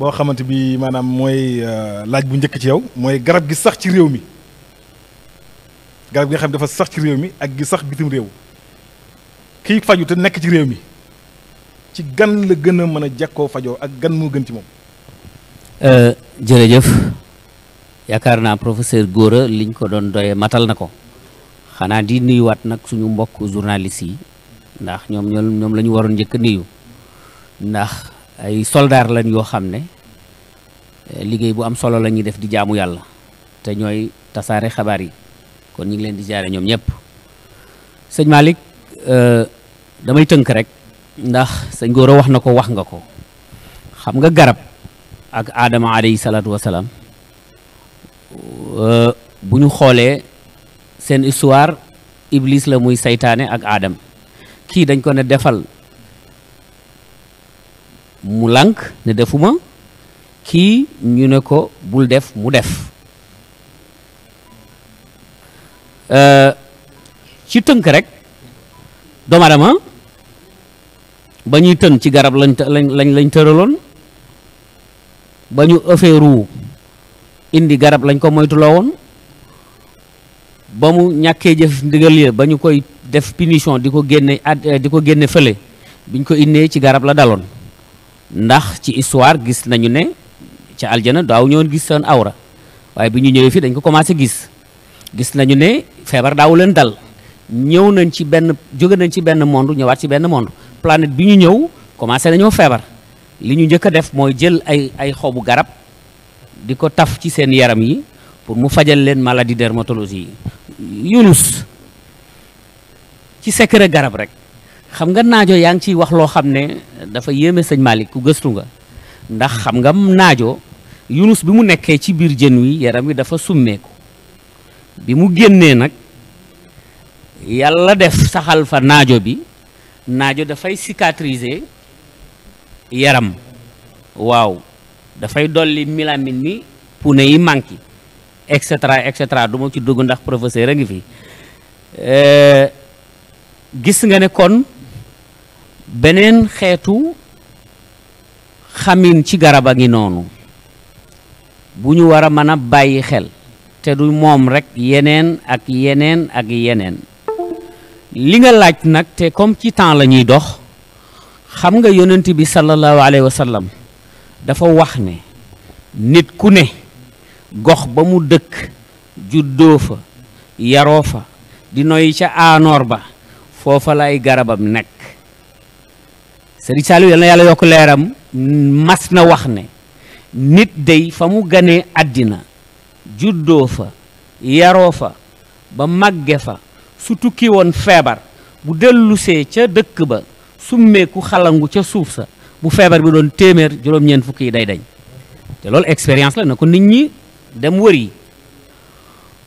boo xamante bi maanaam mooy euh, laaj bu njëkk ci yow mooy garab gi sax ci réew mi garab gi nga xam dafa sax ci réew mi ak gi sax bitim réew kiy faju te nekk ci réew mi ci gan la gën a mën a jàkkoo fajoo ak gan moo gën ci moom euh, jërëjëf yaakaar naa professeur Gora liñ ko doon doyee matal na ko xanaa di nuyuwaat nag suñu mbokk journaliste yi ndax ñoom ñoom lañu la waroon njëkk a nuyu ndax ay soldaar lañ yoo xam ne eh, liggéey bu am solo la ñuy def di jaamu yàlla te ñooy tasaare xabaar yi kon ñu ngi leen di jaare ñoom ñëpp sëñ Malick eh, damay tënk rek ndax sëñ Gora wax na ko wax nga ko xam nga garab ak aadama alayhi salaatu wasalaam eh, bu ñu xoolee seen histoire iblis la muy seytaane ak aadam kii dañ ko defal mu lànk ne defuma kii ñu ne ko bul def mu def euh, ci tënk rek doomu aadama ba ñuy tën ci garab lañ lañ lañ tëraloon ba ñu ëffee ruu indi garab lañ ko moytuloo woon ba mu ñàkkee jëf ndigal yi ba ñu koy def punition di ko génne di ko génne fële biñ ko indee ci garab la daloon ndax ci histoire gis nañu ne ci aljana daaw ñoon gis seen awra waaye bi ñu ñëwee fii dañ ko commencé gis gis nañu ne feebar daaw leen dal ñëw nañ ci benn jóge nañ ci benn monde ñëwaat ci benn monde planète bi ñu ñëw commencé nañoo feebar li ñu njëkk a def mooy jël ay ay xobu garab di ko taf ci seen yaram yi pour mu fajal leen maladie dermatologie yi Yunus ci secret garab rek xam nga naajo yaa ngi ciy wax loo xam ne dafa yéeme sëñ Malick ku gëstu nga ndax xam nga naajo Yunus bi mu nekkee ci biir jën wi yaram wi dafa summeeku bi mu génnee nag yàlla def saxal naajo bi naajo dafay cicatriser yaram waaw dafay dolli milamine mi pune yi manqué et cetera et cetera du ma ci dugg ndax professeur a ngi fi euh, gis nga ne kon beneen xeetu xamin ci garab a ngi noonu bu ñu war a mën a bàyyi xel te du moom rekk yeneen ak yeneen ak yeneen li nga laaj nag te comme ci temps la ñuy dox xam nga yonent bi sallallahu alayhi wa sallam dafa wax ne nit ku ne gox ba mu dëkk juddoo fa yaroo fa di noyyi ca aanoor ba foofa lay garabam nekk Serigne Saliou yal na yàlla yokk leeram mas na wax ne nit day fa mu ganee àddina juddoo fa yaroo fa ba màgge fa su tukki woon feebar bu dellusee ca dëkk ba summeeku xalangu ca suuf sa bu feebar bi doon téeméer juróom-ñeent fukki yi day dañ te loolu expérience la na ko nit ñi dem wër yi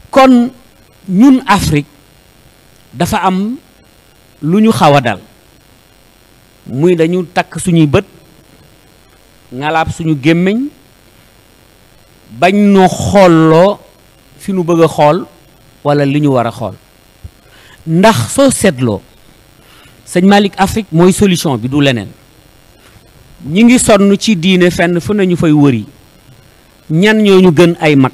kon ñun Afrique dafa am lu ñu xaw a dal muy dañu takk suñuy bët ngalaab suñu gémmiñ bañ nu xooloo fi nu bëgg a xool wala li ñu war a xool ndax soo seetloo sëñ malik Afrique mooy solution bi du leneen ñi ngi sonn ci diine fenn fu nañu fay wëri ñan ñooñu gën ay mag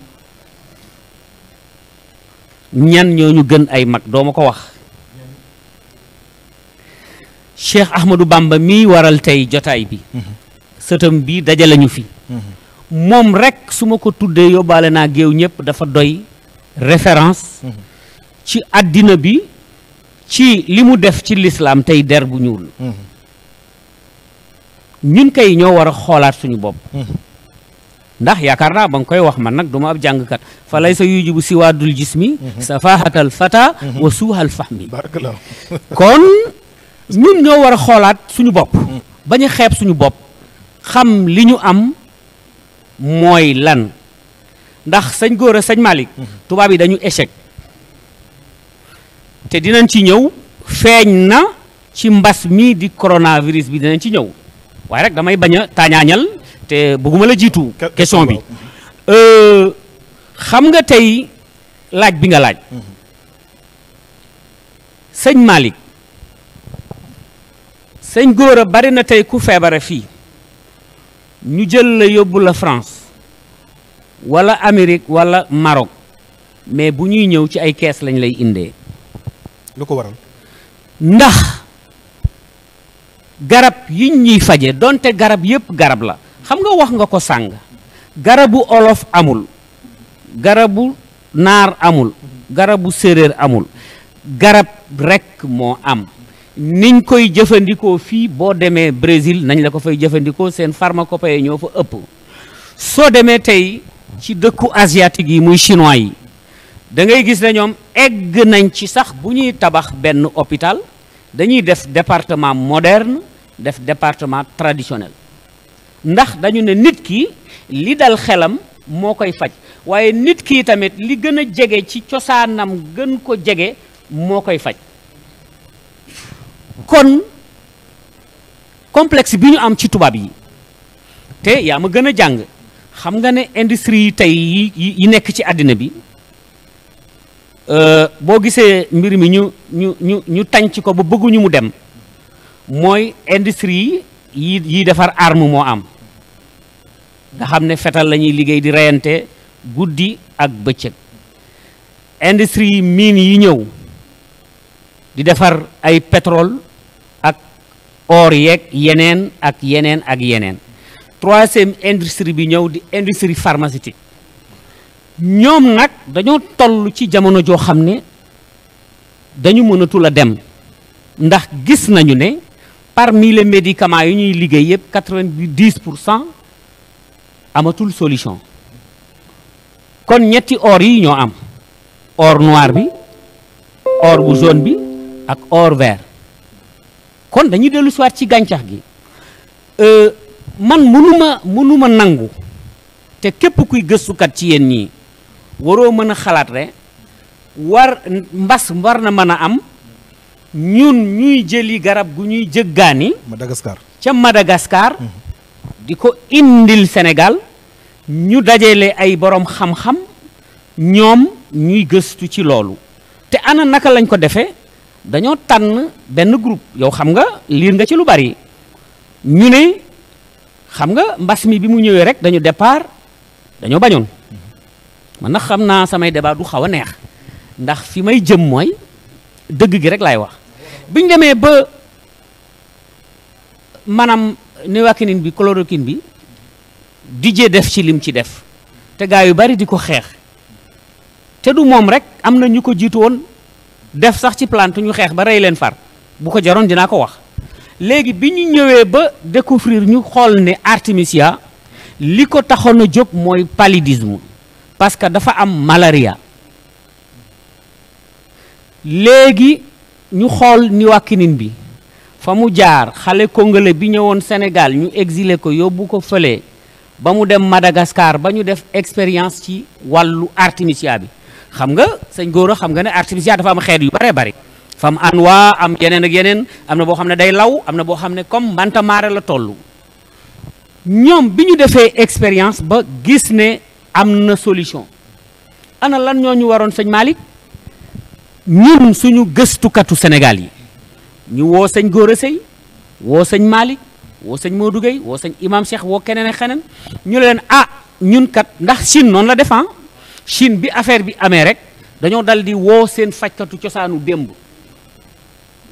ñan ñooñu gën ay mag doo ko wax cheikh ahmadou bamba mi waral tay jotay bi mhm. sëtam bi dajale fi mom mhm. rek suma ko tuddé yóbbaale naa géew dafa doy référence mhm. ci adina bi ci limu def ci l'islam tay der bu ñuul ñun kay ño wara xolaat suñu bop ndax yakarna bang koy wax man nak duma ab kat fa laysa yujibu siwadul jismi safahatal fata wa suhal fahmi kon ñun ñoo war a xoolaat suñu bopp. bañ a xeeb suñu bopp. xam li ñu am mooy lan ndax sañ góor a sañ Malick. tubaab yi dañu échec. te dinañ ci ñëw feeñ na ci mbas mii di coronavirus bi dinañ ci ñëw waaye rek damay bañ a taañaañal te bëgguma la jiitu. question bi euh, xam nga tey laaj bi nga laaj. Mm-hmm. sëñ Malick. sëñ góor a bari na tey ku feebare fii ñu jël la yóbbu la France walla Amérique walla Maroc mais bu ñuy ñëw ci ay kees lañ lay indee. lu ko waral. ndax garab yi ñuy faje donte garab yépp garab la xam nga wax nga ko sàng garabu olof amul garabu naar amul garabu séeréer amul garab rekk moo am. niñ koy jëfandikoo fii boo demee Brésil nañ la ko fay jëfandikoo seen pharmacopée ñoo fa ëpp soo demee tey ci dëkku asiatique yi muy chinois yi da ngay gis ne ñoom egg nañ ci sax bu ñuy tabax benn hôpital dañuy def département moderne def département traditionnel ndax dañu ne nit ki li dal xelam moo koy faj waaye nit kii tamit li gën a jege ci cosaanam gën ko jege moo koy faj kon complexe bi ñu am ci tubaab yi te yaa ma gën a jàng xam nga ne industrie yi tey yi yi nekk ci àddina bi euh, boo gisee mbir mi ñu ñu ñu ñu tànc ko ba bëgguñu mu dem mooy industrie yi yi defar arme moo am nga xam ne fetal la ñuy liggéey di reyante guddi ak bëccëg industrie yi miin yi ñëw di defar ay pétrole or yeeg yeneen ak yeneen ak yeneen troisième industrie bi ñëw di industrie pharmaceutique ñoom nag dañoo toll ci jamono joo xam ne dañu mënatul a dem ndax gis nañu ne parmi les médicaments yu ñuy liggéey yëpp quatre-vingt-dix pour cent amatul solution kon ñetti or yi ñoo am or noir bi or bu jaune bi ak or vert kon dañuy delu suwat ci gantax gi euh, man munuma munuma nangu te kep kuy kat ci yéen ni waro meuna xalat re war mbass war na meuna am ñun ñuy jeli garab gu ñuy Madagaskar, Madagascar ci Madagascar mhm. di ko indil Senegal, ñu dajele ay borom xam-xam ñom ñuy geustu ci lolu te ana naka lañ ko defee dañoo tànn benn groupe yow xam nga liir nga ci lu bari ñu ne xam nga mbas mi bi mu ñëwee rek dañu départ dañoo bañoon man nag xam naa samay débat du xaw a neex ndax fi may jëm mooy dëgg gi rek laay wax bi ñu demee ba maanaam niwaakinin bi chloroquine bi dijee def ci lim ci def te gaa yu bari di ko xeex te du moom rek am na ñu ko jiitu woon def sax ci plante ñu xeex ba rey leen far bu ko jaroon dinaa ko wax léegi bi ñu ñëwee ba découvrir ñu xool ne artemisia li ko taxoon a jóg mooy paludisme parce que dafa am malaria léegi ñu xool ni wàkkinin bi fa mu jaar xale congolais bi ñëwoon Sénégal ñu exilé ko yóbbu ko fële ba mu dem Madagascar ba ñu def expérience ci wàllu artemisia bi xam nga sëñ góor xam nga ne artificiel dafa am xeet yu bare bari fam am waa am yeneen ak yeneen am na boo xam ne day law am na boo xam ne comme mbanta maare la tollu ñoom bi ñu defee expérience ba gis ne am na solution ana lan ñoo ñu waroon sëñ Malick ñun suñu gëstukatu Sénégal yi ñu woo sëñ Gora Seye woo sëñ Malick woo sëñ moo Gueye woo sëñ Imam Cheikh woo keneen ak xeneen ñu leen ah ñun kat ndax Chine noonu la defan ah. Chine bi affaire bi amee rek dañoo dal di woo seen fajkatu cosaanu démb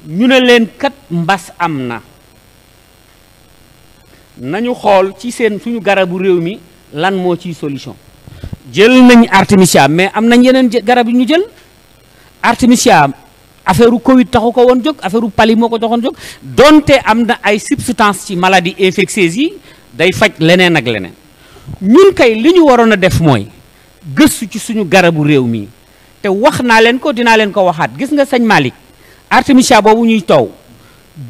ñu ne leen kat mbas am na nañu xool ci seen suñu garabu réew mi lan moo ciy solution jël nañ artemisia mais am nañ yeneen garab yu ñu jël artemisia affaire u Covid taxu ko woon jóg affaire u pali moo ko taxoon jóg donte am na ay substance ci maladie infectieuse yi day faj leneen ak leneen ñun kay li ñu waroon a def mooy gëstu ci suñu garabu réew mii te wax naa leen ko dinaa leen ko waxaat gis nga sañ maalik artemisia boobu ñuy taw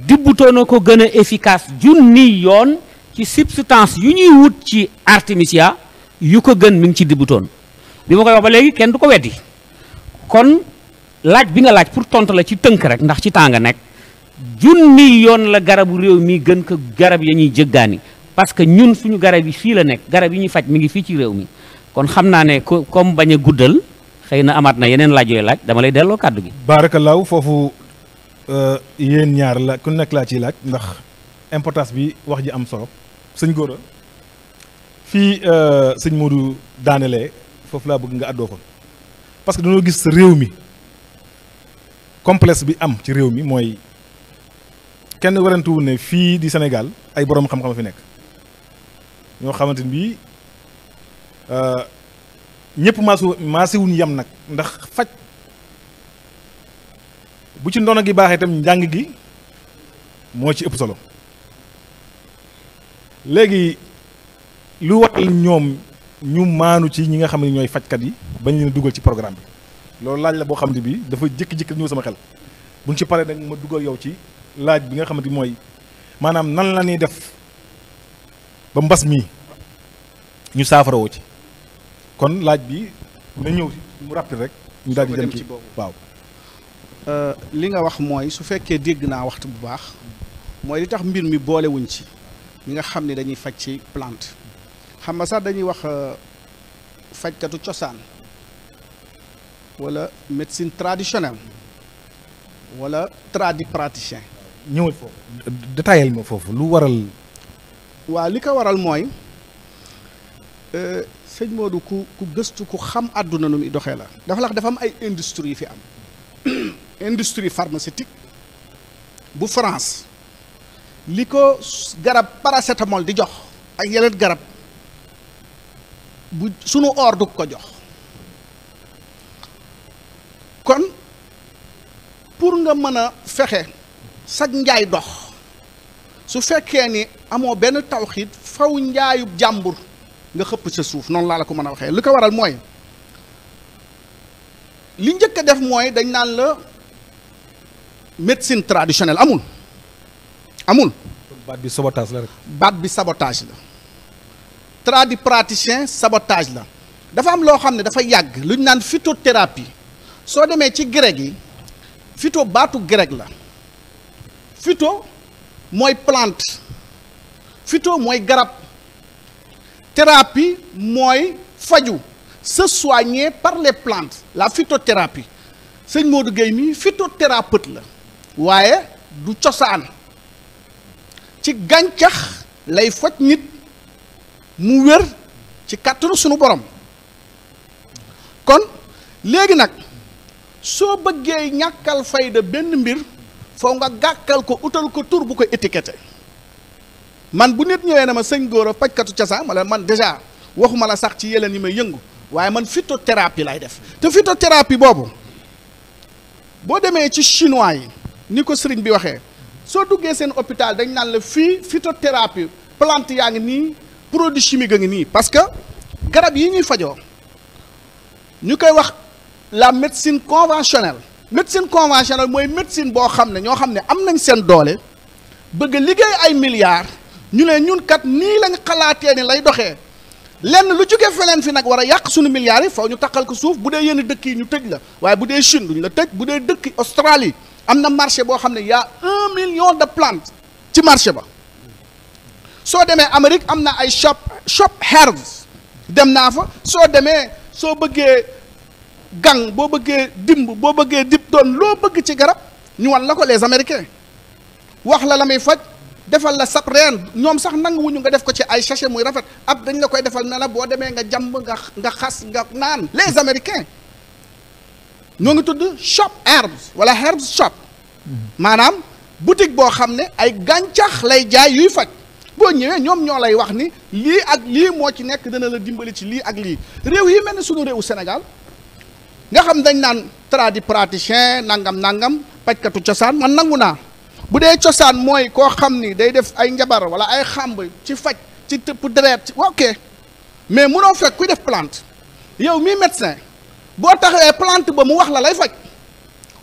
dibbutoo na ko gën a efficace junni yoon ci substance yu ñuy wut ci artemisia yu ko gën mi ngi ci dibbutoon bi ma koy wax ba léegi kenn du ko weddi kon laaj bi nga laaj pour tontu la ci tënk rek ndax ci temps nga nekk junni yoon la garabu réew mi gën ko garab ya ñuy jëggaani parce que ñun suñu garab yi fii la nekk garab yi ñuy faj mi ngi fii ci réew mi kon xamna ne comme baña guddal xeyna na na yenen laaj yoy laaj dama lay delo kaddu gi. fofu euh yeen ñaar la ku nek la ci laaj ndax importance bi wax ji am solo goro fi euh seigne Modou danelé fofu la bëgg nga addo ko parce que dañu gis réew mi complexe bi am ci réew mi moy kenn warantuwu ne fi di Sénégal ay borom xam-xam fi nek ño xamanteni bi Euh, ñëpp maasu maasiwuñ yem nag ndax faj bu ci ndono gi baaxee itam njàng gi moo ci ëpp solo léegi lu waral ñoom ñu maanu ci ñi nga xam ne ñooy fajkat yi bañ leen dugal ci programme bi loolu laaj la boo xam ne bi dafa jékki-jékki ñëw sama xel buñ ci paree nag ma dugal yow ci laaj bi nga xamante mooy maanaam nan la ñuy def ba mbas mi ñu saafarawoo ci kon laaj bi na ñëw mu rapide rek ñu daal di dem ci waaw li nga wax mooy su fekkee dégg naa waxtu bu baax mooy li tax mbir mi boolewuñ ci ñi nga xam ne dañuy faj ci plante xam nga sax dañuy wax fajkatu cosaan wala médecine traditionnelle wala tradipraticien ñëwal foofu détaillé ma foofu lu waral waaw li ko waral mooy sëñ Modou ku ku gëstu ku xam àdduna nu muy doxee la dafa lax dafa am ay industrie yu fi am [clears throat] industrie pharmaceutique bu France li ko garab paracétamol di jox ak yeneen garab bu sunu or du ko jox kon pour nga mën a fexe sag njaay dox su fekkee ni amoo benn tawxiit faw njaayu jàmbur nga xëpp sa suuf noonu laa la ko mën a waxee li ko waral mooy li njëkk a def mooy dañ naan la médecine traditionnelle amul amul. baat bi sabotage la rek. baat bi sabotage la. praticien sabotage la. dafa am loo xam ne dafa yàgg lu ñu naan phytothérapie soo demee ci grec yi phyto baatu grec la phyto mooy plante phyto mooy garab thérapie mooy faju se soigner par les plantes la phytothérapie sëñ Modou Gueye mii phytothérapeute la waaye du cosaan ci gàncax lay faj nit mu wér ci kàttanu sunu borom kon léegi nag soo bëggee ñàkkal fayda benn mbir foo nga gàkkal ko utal ko tur bu ko étiqueté man bu nit ñëwee na ma sëñ a fajkatu casaan ma la man dèjà waxuma la sax ci yeleen yi may yëngu waaye man phytothérapie lay def te phytothérapie boobu boo demee ci chinois yi ni ko sëriñ bi waxee soo duggee seen hôpital dañ naan la fii phytothérapie plante yaa ngi nii produit chimique a ngi nii parce que garab yi ñuy fajoo ñu koy wax la médecine conventionnelle médecine conventionnelle mooy médecine boo xam ne ñoo xam ne am nañ seen doole bëgg liggéey ay milliards ñu ne ñun kat nii lañ xalaatee ne lay doxee lenn lu jóge feleen fi nag war a yàq suñu milliards yi faw ñu takkal ko suuf bu dee yenn dëkk yi ñu tëj la waaye bu dee Chine duñu la tëj bu dee dëkk Australie am na marché boo xam ne yaa a un million de plantes ci marché ba soo demee Amérique am na ay shop shop herbs dem naa fa soo demee soo bëggee gang boo bëggee dimb boo bëggee dib doon loo bëgg ci garab ñu wan la ko les américains wax la la may faj. defal la sab reen ñom sax nanguwuñu nga def ko ci ay sachet muy rafet ab dañ la koy defal ne la boo nga jam nga nga nga nan les américains ñoo ngi tudd shop herbs wala herbs shop manam boutique bo xamne ay ganchax lay jaay yuy faj bo ñewé ñom ñoo lay wax ni li ak li mo ci nek dana la dimbali ci li ak li rew yi melni suñu rew nga xam dañ nan tradi praticien nangam nangam pajkatu ciosan man nanguna. bu dee cosaan mooy koo xam ni day def ay njabar wala ay xàmb ci faj ci tëpp deret ok mais munoo fekk kuy def plante yow mii médecin boo taxawee plante ba mu wax la lay faj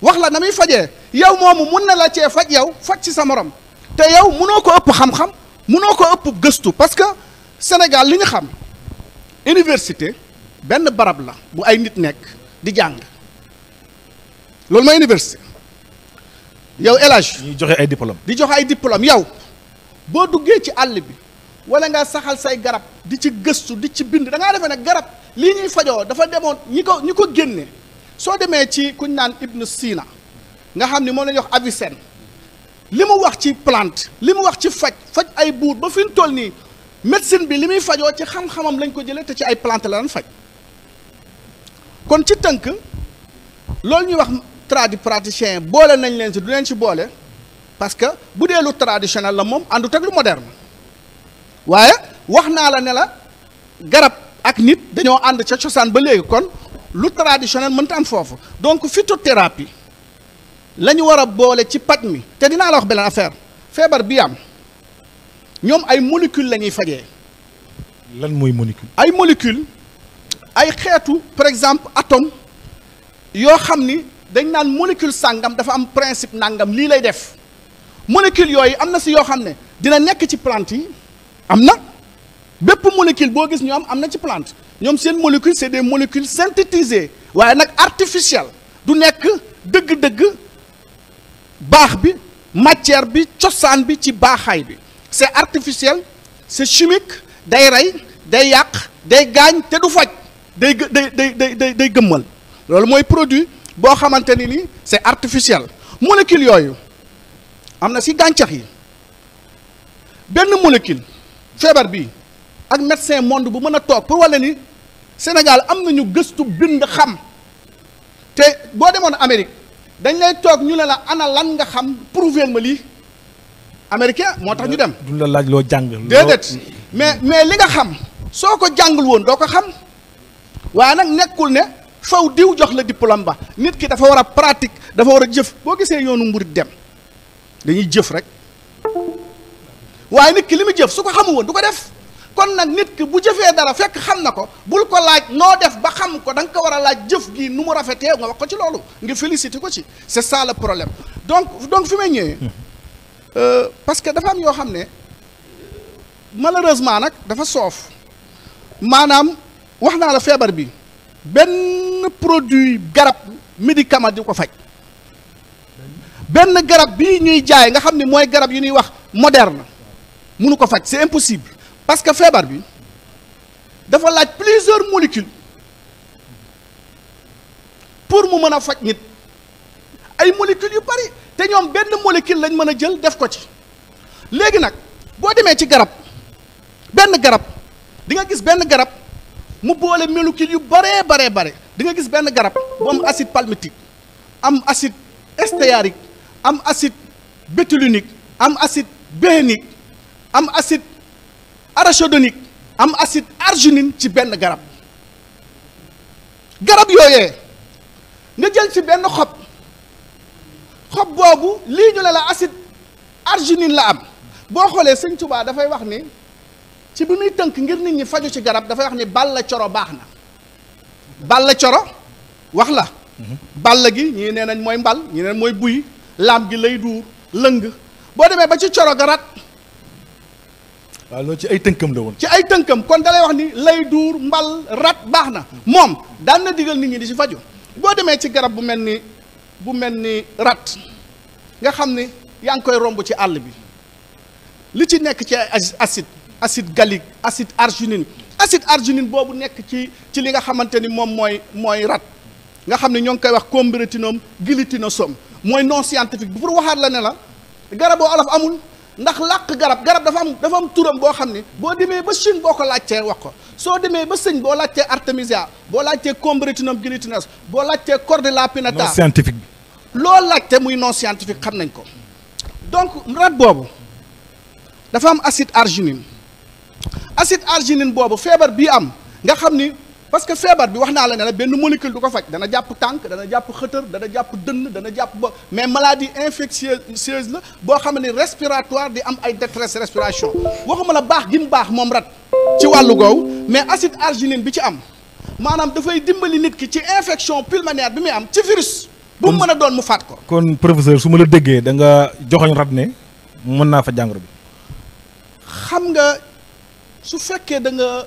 wax la na muy fajee yow moomu mun na la cee faj yow faj ci sa morom te yow munoo ko ëpp xam-xam munoo ko ëpp gëstu parce que Sénégal li ñu xam université benn barab la bu ay nit nekk di jàng loolu mooy université yow El ñuy joxe ay diplôme di joxe ay diplôme yow boo duggee ci àll bi wala nga saxal say garab di ci gëstu di ci bind dangaa ngaa nag garab li ñuy fajoo dafa demoon ñi ko ñi ko génne soo demee ci kuñ naan Ibn Sina nga xam ni moom la wax Avicenne li mu wax ci plante li mu wax ci faj faj ay buur ba fi mu nii médecine bi li muy fajoo ci xam-xamam lañ ko jëlee te ci ay plante la lan faj kon ci tënk loolu ñuy wax tradipraticien boole nañ leen ci du leen ci boole parce que boudé lu traditionnel la mom àndut ak lu moderne waye wax naa la ne la garab ak nit dañoo ànd ci 60 ba légui kon lu traditionnel mënta am fofu donc phytothérapie lañu wara war a ci paj mi te dinaa la wax beneen affaire fièvre bi am ñom ay molécule lañuy ñuy lan moy molécule. ay molécule ay xétu par exemple atome yo xamni dañ naan molécule sàngam dafa am principe nàngam lii lay def molécule yooyu am na si yoo xam ne dina nekk ci plante yi am na bépp molécule boo gis ñoom am na ci plante ñoom seen molécule c'est des molécules synthétisées waaye nag artificielle du nekk dëgg-dëgg baax bi matière bi cosaan bi ci baaxaay bi c'est artificiel c'est chimique day rey day yàq day gaañ te du faj day day day day day gëmmal loolu mooy produit bo xamanteni ni c'est artificiel molecule yoyu amna ci si yi ben molecule feebar bi ak médecin monde bu meuna tok pour wala ni Sénégal amna ñu geustu bind xam te bo demoon Amérique dañ lay tok ñu la ana lan nga xam prouver ma li américain motax ñu dem. du la laaj loo jang dedet mm. mais mais li nga xam soko jangul won do ko xam wa nak nekkul ne. faw diw jox la diplôme ba nit ki dafa war a pratique dafa war a jëf boo gisee yoonu murit dem dañuy jëf rek waaye nit ki li mu jëf su ko xamu woon du ko def kon nag nit ki bu jëfee dara fekk xam na ko bul ko laaj noo def ba xam ko da nga ko war a laaj jëf gii nu mu rafetee nga wax ko ci loolu nga félicité ko ci c'est ça le problème donc donc fi may ñëwee hmm. euh, parce que dafa am yoo xam ne malheureusement nag dafa soof maanaam wax naa la feebar bi ben produit garab médicament diko ko faj benn garab bini ñuy jaay nga xamni moy garab yu ñuy wax moderne mënu ko faj c'est impossible parce que fièvre bi dafa laaj plusieurs molécules pour mu mëna a faj nit ay molécules yu bari té ñom ben molécule lañ mëna jël def ko ci légui nak bo garap, ci garab ben garab di nga gis ben garab mu boole melucil yu baree baree bare di nga gis benn garab bu am acide palmitique am acide stéarique am acide bétulinique am acide béhénique am acide arachidonique am acide arginine ci benn garab garab yooyee nga jël ci benn xob xob boobu lii ñu ne la acide arginine la am boo xoolee Sëñ Tuubaa dafay wax ni ci bi muy tënk ngir nit ñi faju ci garab dafay wax ni balla coro baax na balla coro wax la balla gi ñii nee nañ mooy mbal ñii neen mooy buy laam gi lay duur lëng boo demee ba ci coro garat waaw loolu ci ay tënkam la woon. ci ay tënkam kon dalay wax ni lay duur mbal rat baax na moom daan na digal nit ñi di ci faju boo demee ci garab bu mel ni bu mel ni rat nga xam ni yaa ngi koy romb ci àll bi li ci nekk ci ay acide acide gallique acide arginine acide arginine boobu nekk ci ci li nga xamante ni moom mooy mooy rat nga xam ne ñoo ngi koy wax combretinum glitinosome mooy non scientifique bu pour waxaat la ne la garabu olof amul ndax làq garab garab dafa am dafa am turam boo xam ne boo demee ba Chine boo ko laajtee wax ko soo demee ba sëñ boo laajtee artemisia boo laajtee combretinum glitinosome boo laajtee Cordella pinnata non scientifique bi. laajte muy non scientifique xam nañ ko donc rat boobu dafa am acide arginine. acide arginine boobu feebar bii am nga xam ni parce que feebar bi wax naa la ne la benn molécule du ko faj dana jàpp tànk dana jàpp xëtër dana jàpp dënn dana jàpp ba mais maladie infectieuse la boo xam ne respiratoire di am ay détresse respiration waxuma la baax gi mu baax moom rat ci wàllu goow mais acide arginine bi ci am maanaam dafay dimbali nit ki ci infection pulmonaire bi muy am ci virus. bu mu mën a doon mu faat ko. kon professeur su ma la da nga joxoñ rat ne mën naa fa jàngoro bi. su fekkee danga nga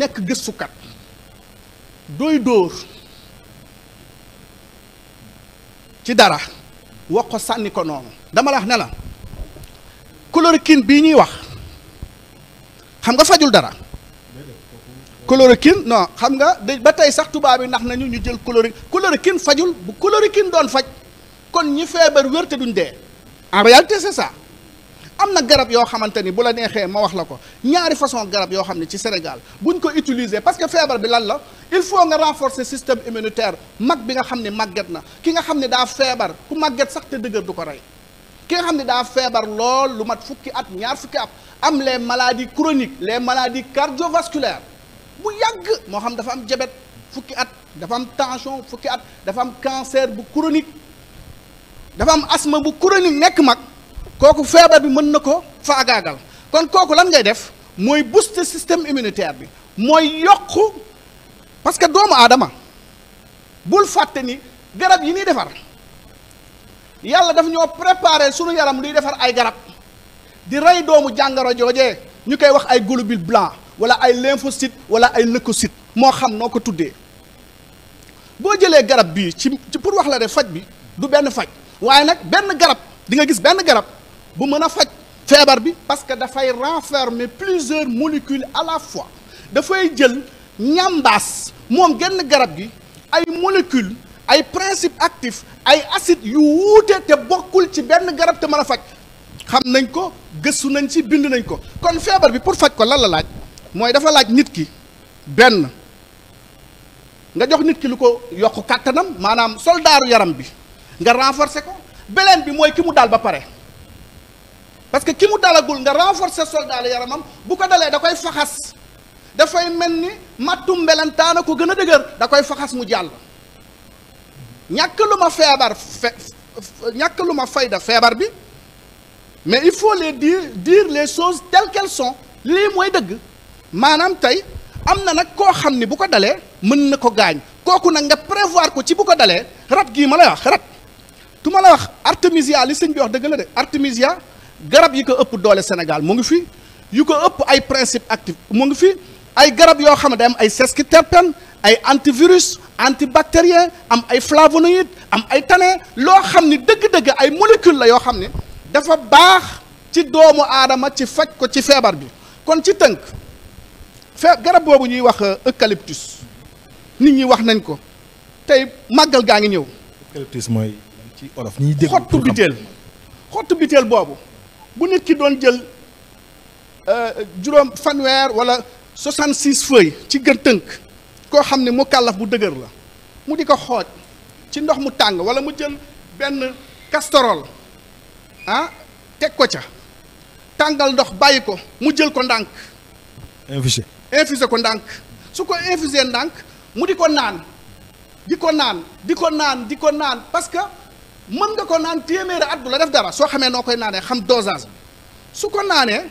nekk gëstukat dooy dóor ci dara wax ko sànni ko noonu dama la wax ne la chloroquine bii ñuy wax xam nga fajul dara chloroquine non xam nga de ba tey sax tubaab yi ndax nañu ñu jël chloroquine chloroquine fajul bu chloroquine doon faj kon ñi feebar wér te duñ dee en réalité c'est ça amna garab yo xamanteni bu la nexé ma wax lako ñaari façon garab yo xamni ci Sénégal buñ ko utiliser parce que fièvre bi lan la il faut nga renforcer système immunitaire mag bi nga xamni màgget na ki nga xamni da fièvre ku màgget sax te dëgër du ko ray ki nga xamni da fièvre feebar lool lu mat fukki at ñaar fukki at am les maladies chroniques les maladies cardiovasculaires bu yàgg mo xam dafa am diabète fukki at dafa am tension fukki at dafa am cancer bu chronique dafa am asthme bu chronique nek mag koku febar bi mën nako ko agagal kon koku lan ngay def moy booster système immunitaire bi moy yokku parce que doomu adama bul fàtte ni garab yi ni defar yalla daf ñoo préparer sunu yaram luy defar ay garab di ray doomu jangaro jojé ñukay wax ay globule blanc wala ay lymphocyte wala ay leucocyte mo xam noko ko bo jëlé garab bi, ci pour wax la de faj bi du ben faj waaye nak ben garab di nga gis ben garab bu meuna a faj bi parce que fay renfermer plusieurs molécules à la fois fay jël ñambaas mom genn garab gi ay molécules ay principes actifs ay acides yu wuté te bokul ci benn garab té meuna a xam nañ ko geussu nañ ci bind nañ ko kon feebar bi pour faj ko lan la laaj moy dafa laaj nit ki nga jox nit ki lu ko yokk kàttanam yaram bi nga renforcer ko belen bi moy ki mu dal ba pare parce que ki mu dalagul nga renforcer soldats la yaramam bu ko dalee da koy faxas dafay mel ni mattum mbelantaana ko gëna a dëgër da koy faxas mu jall ñak luma ma ñak luma fayda feebar bi mais il faut les dire dire les choses telles qu'elles sont li moy dëgg manam tay, am nak ko xamni ni bu ko dalee mën na ko gaañ nga prévoir ko ci bu ko dalé rat gi mala wax rat tu ma la wax artemisia li señ bi wax dëgg la de artemisia garab yi ko ëpp doole Sénégal mu ngi fi yu ko ëpp ay principe actif mu ngi fi ay garab yoo xam ne day am ay sesquiterpène ay antivirus antibactérien am ay flavonoïde am ay tanin loo xam ni dëgg-dëgg ay molécule la yoo xam ne dafa baax ci doomu aadama ci faj ko ci feebar bi kon ci tënk fe garab boobu ñuy wax euh, eucalyptus nit ñi wax nañ ko tey màggal gaa ngi ñëw. eucalyptus mooy ci olof ñuy dégg xottu biteel xottu biteel boobu. bu nit ki doon jël euh, juróom fanweer wala 66 feuilles ci gën tënk koo xam ne mu kàllaf bu dëgër la mu di ko xooj ci ndox mu tàng wala mu jël benn castorol ah teg ko ca tàngal ndox bàyyi ko mu jël ko ndànk. infusé infusé ko ndànk su ko infusé ndànk mu di ko naan di ko naan di ko naan di ko naan parce que. mën nga ko naan téeméeri at du la def dara soo xamee noo koy naanee xam dosage su ko naanee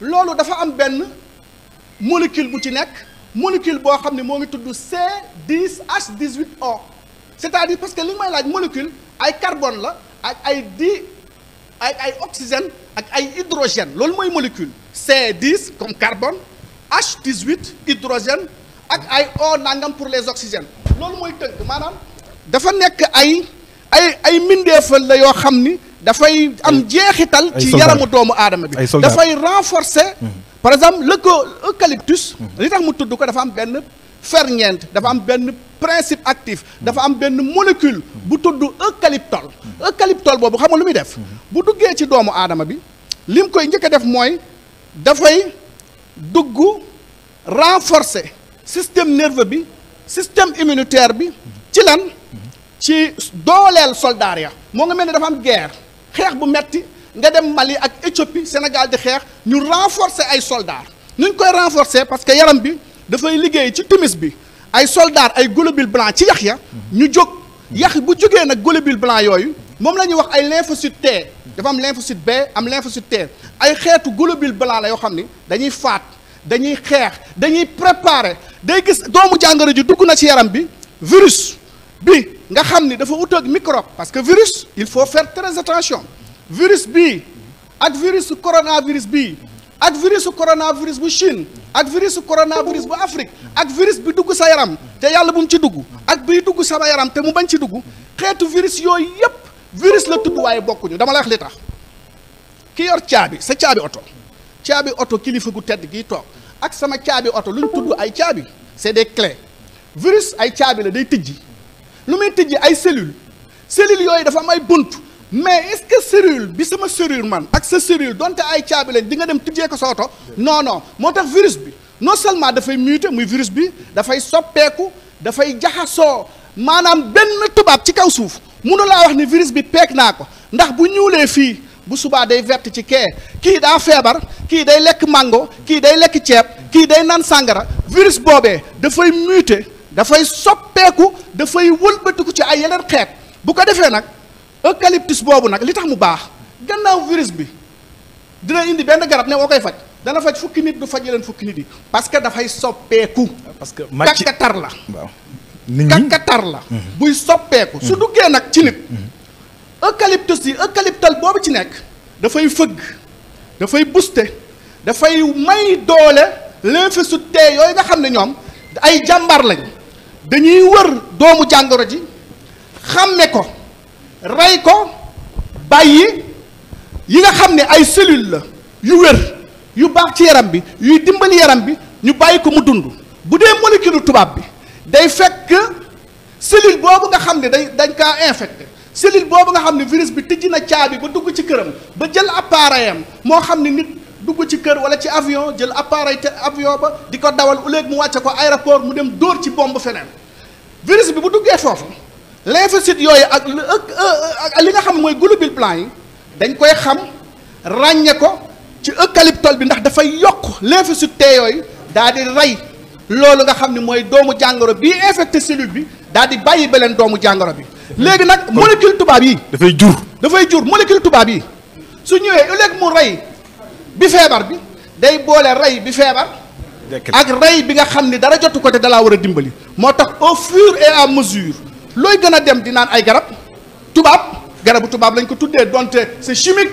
loolu dafa am benn molécule bu ci nekk molécule boo xam ne moo ngi tudd C10H18O c'est-à-dire parce que li may laaj molécule ay carbone la ak ay di ay ay oxygène ak ay hydrogène loolu mooy molécule C10 comme carbone H18 hydrogène ak ay O nangam pour les oxygènes loolu mooy tënk maanaam dafa nekk ay. ay ay mbindeefal la yoo xam ni dafay am jeexital ci yaramu doomu aadama bi dafay renforcer par exemple le eucalyptus li tax mu tudd ko dafa am benn ferñeent dafa am benn principe actif dafa am benn molécule bu tudd eucalyptol eucalyptol boobu xam nga lu muy def bu duggee ci doomu aadama bi li koy njëkk a def mooy dafay dugg renforcer système nerveux bi système immunitaire bi ci lan ci dolel soldaar ya moo nga melni dafa am guerre xex bu metti nga dem Mali ak Éthiopie Sénégal di xex ñu renforcer ay soldats ñu koy renforcer parce que yaram bi fay liggéey ci timis bi ay soldats, ay globules blancs ci yax ya ñu jog yax bu jogé nak blancs yoyu mom lañu wax ay lymphocyte T dafa am lymphocyte B am lymphocyte T ay blancs la yo xamni dañuy faat dañuy xex dañuy préparer day gis doomu jangara ju dugg ci yaram bi virus bi nga xamni ni dafa wutoog microbe parce que virus il faut faire très attention virus bi ak virus coronavirus bi ak virus coronavirus bu Chine ak virus coronavirus bu Afrique ak virus bi dugg sa yaram te yalla bu mu ci dugg ak bi dugg sa yaram te mu bañ ci dugg xétu virus yo yépp virus la tudd waaye bokkuñu dama la wax li tax ki yor caabi sa caabi auto caabi auto kilifa gu tedd gi toog ak sama caabi auto luñ tuddu ay caabi c'est des clés virus ay caabi la day tijji lu may tëjee ay cellules cellules yooyu dafa am ay bunt mais est-ce cellule bi sama cellule man ak sa cellule donte ay caabi lañ di nga dem tijjee ko sa oto non moo tax virus bi non seulement dafay muté muy virus bi dafay soppeeku dafay jaxasoo maanaam benn tubaab ci kaw suuf mënu laa wax ni virus bi peek naa ko ndax bu ñuulee fii bu subaa day vert ci kee kii daa feebar kii day lekk mango kii day lekk ceeb kii day naan sàngara virus boobee dafay muté dafay soppeeku dafay wëlbatiku ci ay yeneen xeet bu ko defee nag eucalyptus boobu nag li tax mu baax gannaaw virus bi dina indi benn garab ne woo koy faj dana faj fukki nit du faj leen fukki nit yi parce que dafay soppeeku. parce que màcc kakkatar la. waaw nit la. Mhm. buy soppeeku. su mhm. duggee nag ci nit. Mhm. eucalyptus yi eucalyptal boobu ci nekk. dafay fëgg dafay booster dafay may doole lymphocytes T yooyu nga xam ne ñoom ay jàmbaar lañ. dañuy wër doomu jàngoro ji xàmme ko rey ko bàyyi yi nga xam ne ay cellule la yu wér yu baax ci yaram bi yuy dimbali yaram bi ñu bàyyi ko mu dund bu dee molécule tubaab bi day fekk cellule boobu nga xam ne day dañ kaa infecté cellule boobu nga xam ne virus bi tijji na caabi ba dugg ci këram ba jël appareil am moo xam ne nit dugg ci kër wala ci avion jël appareil te avion ba di ko dawal uleeg mu wàcce ko aéroport mu dem dóor ci bomb feneen virus bi bu duggee foofu lymphocyte yooyu ak ak li nga xam mooy globule blanc yi dañ koy xam ràññe ko ci eucalyptol bi ndax dafay yokk lymphocyte T yooyu daal di rey loolu nga xam ni mooy doomu jàngoro bii infecté cellule bi daal di bàyyi beleen doomu jàngoro bi léegi nag molécule tubaab yi dafay jur dafay jur molécule tubaab yi su ñëwee uleeg mu rey بفيبر بي داي بولا راي بفيبر اك راي بيغا خامني دارا جوتو كوتي دا لا ورا ديمبالي موتاخ او فور اي ا مزور لوي غنا ديم دي نان اي غراب توباب غراب توباب لنجكو تودي دونت سي شيميك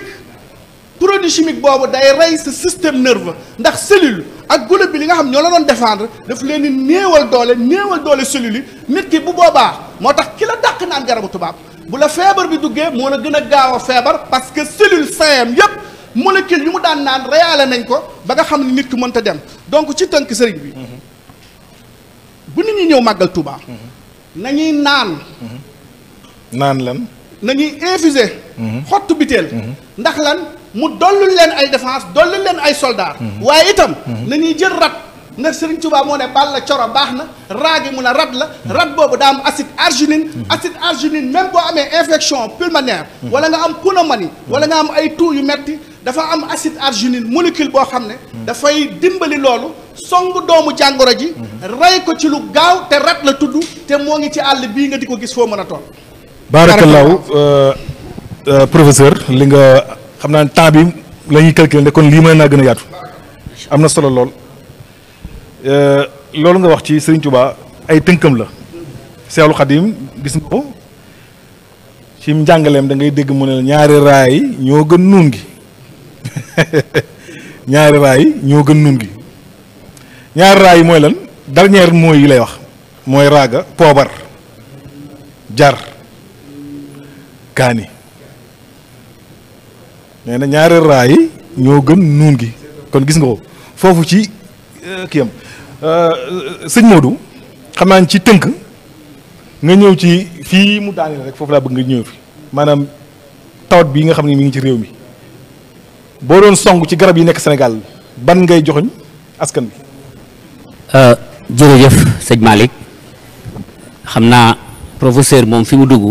برودوي شيميك بوبو داي راي سي سيستم نيرف نداخ سيلول اك غلو بي ليغا خام نيو لا دون ديفاندر داف لين نيوال دوله نيوال دوله سيلولي نيت كي بو بوبا موتاخ كي لا داك نان غراب توباب بولا فيبر بي دوغي مونا غنا غاوا فيبر باسكو سيلول سايم ييب molécule yu mu daan naan reyaale nañ ko ba nga xam ne nit ki mënta dem donc ci tënk sëriñ bi bu nit ñi ñëw màggal Touba nañuy naan naan lan nañuy infuser xottu biteel ndax lan mu dollu leen ay défense dollu leen ay soldaar mhm. waaye itam mhm. nañuy jël rat ndax Serigne Touba moo ne balla coro baax na raagi mun a rat la rat boobu daa am acide arginine mhm. acide arginine même koo amee infection pulmonaire mhm. wala nga am pneumonie mhm. wala nga am ay toux yu metti dafa am acide arginine molécule boo xam ne dafay dimbali loolu songu doomu jàngoro ji rey ko ci lu gaaw te rat la tudd te moo ngi ci àll bii nga di ko gis foo mën a toll baarakallaahu euh, euh, professeur li nga xam naa temps bi la ñuy calculer kon lii mën naa gën a yaatu am na solo lool Euh, loolu nga wax ci Serigne Touba ay tënkam la Seexul Xadim gis nga ko ci njàngaleem dangay dégg mu ne ñaari raay yi ñoo gën nuun [laughs] ñaari raay yi ñoo gën nuun gi ñaari raay yi mooy lan dernier mooy yi lay wax mooy raaga poobar jar kaani nee na ñaari raay yi ñoo gën nuun gi kon gis nga ko foofu ci euh, kiyam Euh, sëñ Modou xam naa ci tënk nga ñëw ci fii mu daaneel rek foofu laa bëgg nga ñëw fi maanaam tawat bii nga xam ne mu ngi ci réew mi boo doon song ci garab yi nekk Sénégal ban ngay joxoñ askan bi. Euh, jërëjëf sëñ Malick xam naa professeur moom fi mu dugg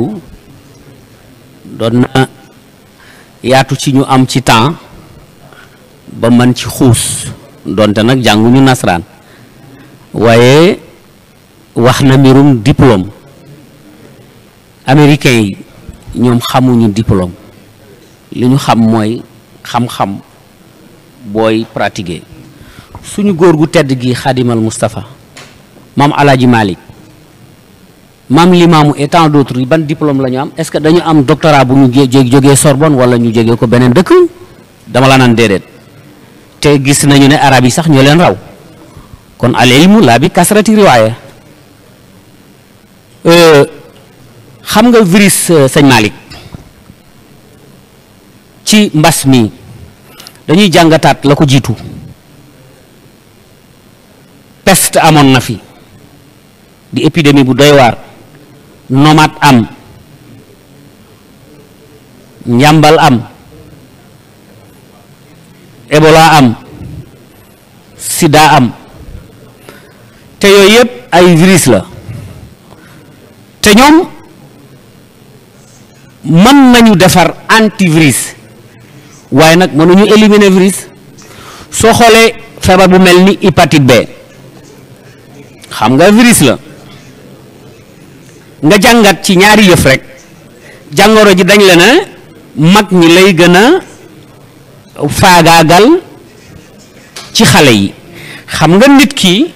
doon na yaatu ci ñu am ci temps ba man ci xuus doonte nag jànguñu nasraan. waaye wax na mbirum diplôme américain yi ñoom xamuñu diplôme li ñu xam mooy xam-xam booy pratiquer suñu góor gu tedd gi xadimal mustafa maam Alaaji Malick maam Limaamu et tant d'autres yi ban diplôme la ñu am est-ce que dañu am doctorat bu ñu jé jógee Sorbonne wala ñu jógee ko beneen dëkk dama la naan déedéet te gis nañu ne arab yi sax ñoo leen raw kon al ilmu la bi kasrati euh xam nga virus eh, seigne malik ci mbas mi dañuy jàngataat la ko jitu peste amon na fi di epidemie bu doy war nomat am nyambal am Ebola am sida am te yooyu yëpp ay viris la te ñoom mën nañu defar antivirus waaye nag mënuñu éliminer virus soo xoolee feebar bu mel ni hépatite B xam nga viris la nga jàngat ci ñaari yëf rek jàngoro ji dañ leen ne mag ñi lay gën a faagaagal ci xale yi xam nga nit ki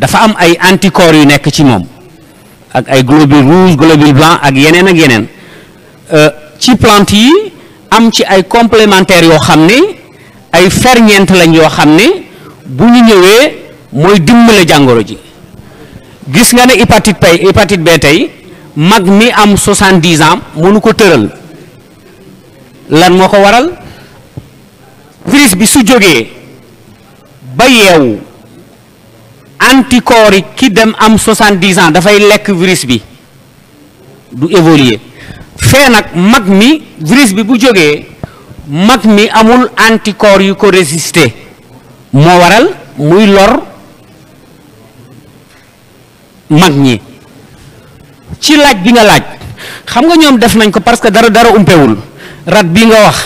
dafa am ay anticorps yu nekk ci moom ak ay globule rouge globule blanc ak yeneen ak yeneen euh, ci plante yi am ci ay complémentaires yoo xam ne ay ferñeent lañ yoo xam ne bu ñu ñëwee mooy dimbale jàngoro ji gis nga ne hépatite pay hépatite B tey mag mi am soixante-dix ans mënu ko tëral lan moo ko waral virus bi su jógee ba yeewu anticorps yi ki dem am soixante-dix ans dafay lekk virus bi du évoluer fee nag mag mi virus bi bu jógee mag mi amul anticorps yu ko résister moo waral muy lor mag ñi ci laaj bi nga laaj xam nga ñoom def nañ ko parce que dara dara umpewul rat bi nga wax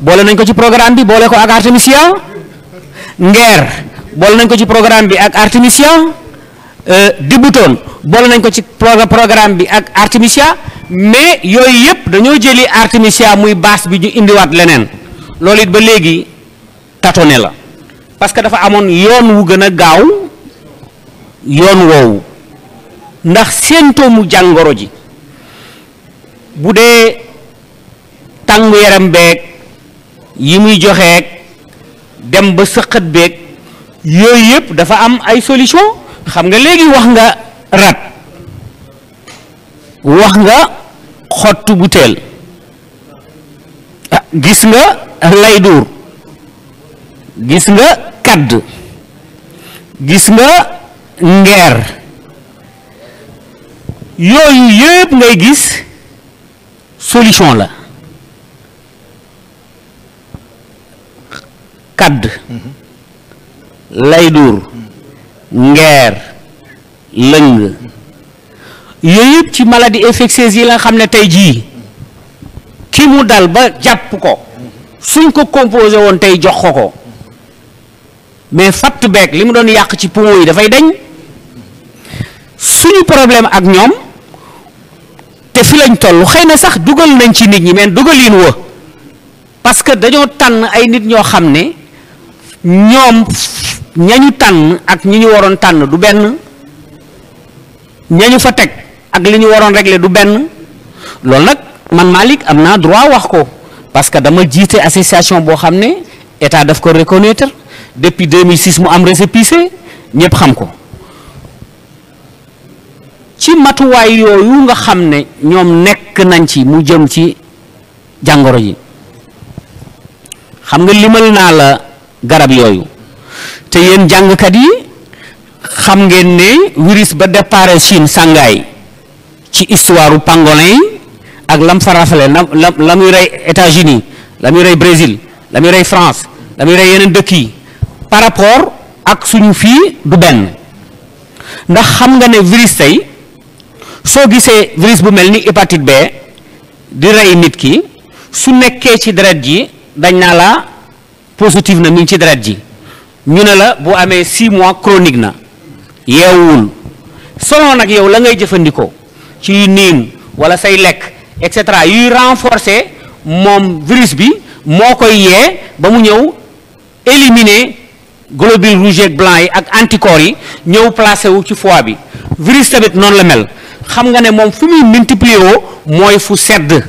boole nañ ko ci programme bi boole ko ak artemisia ngeer bol nañ ko ci programme bi ak artemisia euh, débutone bol nañ ko ci programme bi ak artemisia mais yoy yep dañu jëli artemisia muy bass bi ñu lenen. leneen loolu it ba légui tatoné la parce que dafa amone yoon wu gëna gaaw yoon woow ndax mu jangoro ji budé tang yaram bek yimuy joxé dem ba sekkat bek yooyu yëpp dafa am ay solution xam nga léegi wax nga rat wax nga xottu butéel ah, gis nga lay gis nga kadd gis nga ngeer yooyu yëpp ngay gis solution la kadd mm-hmm. layduur ngeer lëng yooyu yëpp ci maladie infectieuse yi la xam ne tey jii ki mu dal ba jàpp ko suñ ko composé woon tey jox ko ko mais fatt beeg li mu doon yàq ci poumon yi dafay dañ suñu problème ak ñoom te fi lañ toll xëy na sax dugal nañ ci nit ñi mais dugalin wa parce que dañoo tànn ay nit ñoo xam ne ñoom ñañu tànn ak ñi ñu waroon tànn du benn ñañu fa teg ak li ñu waroon régler du benn loolu nag man Malick am naa droit wax ko parce que dama jiite association boo xam ne état daf ko reconnaître depuis 2006 mu am récépissé ñëpp xam ko ci matuwaay yooyu nga xam ne ñoom nekk nañ ci mu jëm ci jàngoro yi xam nga limal naa la garab yooyu te yéen jàngkat yi xam ngeen ne virus ba départ Chine sàngaay ci histoire pangolin yi ak lam fa rafale la la muy rey États-Unis la muy rey Brésil la rey France la muy rey yeneen dëkk yi par rapport ak suñu fii du benn ndax xam nga ne virus tey soo gisee virus bu mel ni hépatite B di rey nit ki su nekkee ci deret ji dañ naa la positif na mi ngi ci deret ji ñu ne la bu amee six mois chronique na yeewul selon nag yow la ngay jëfandikoo ci niin wala say lekk et cetera yuy renforcer moom virus bi moo koy yee ba mu ñëw éliminer globules rouges ak yi ak anticorps yi ñëw placé wu ci fois bi virus tamit noonu la mel xam nga ne moom fu muy multiplier woo mooy fu sedd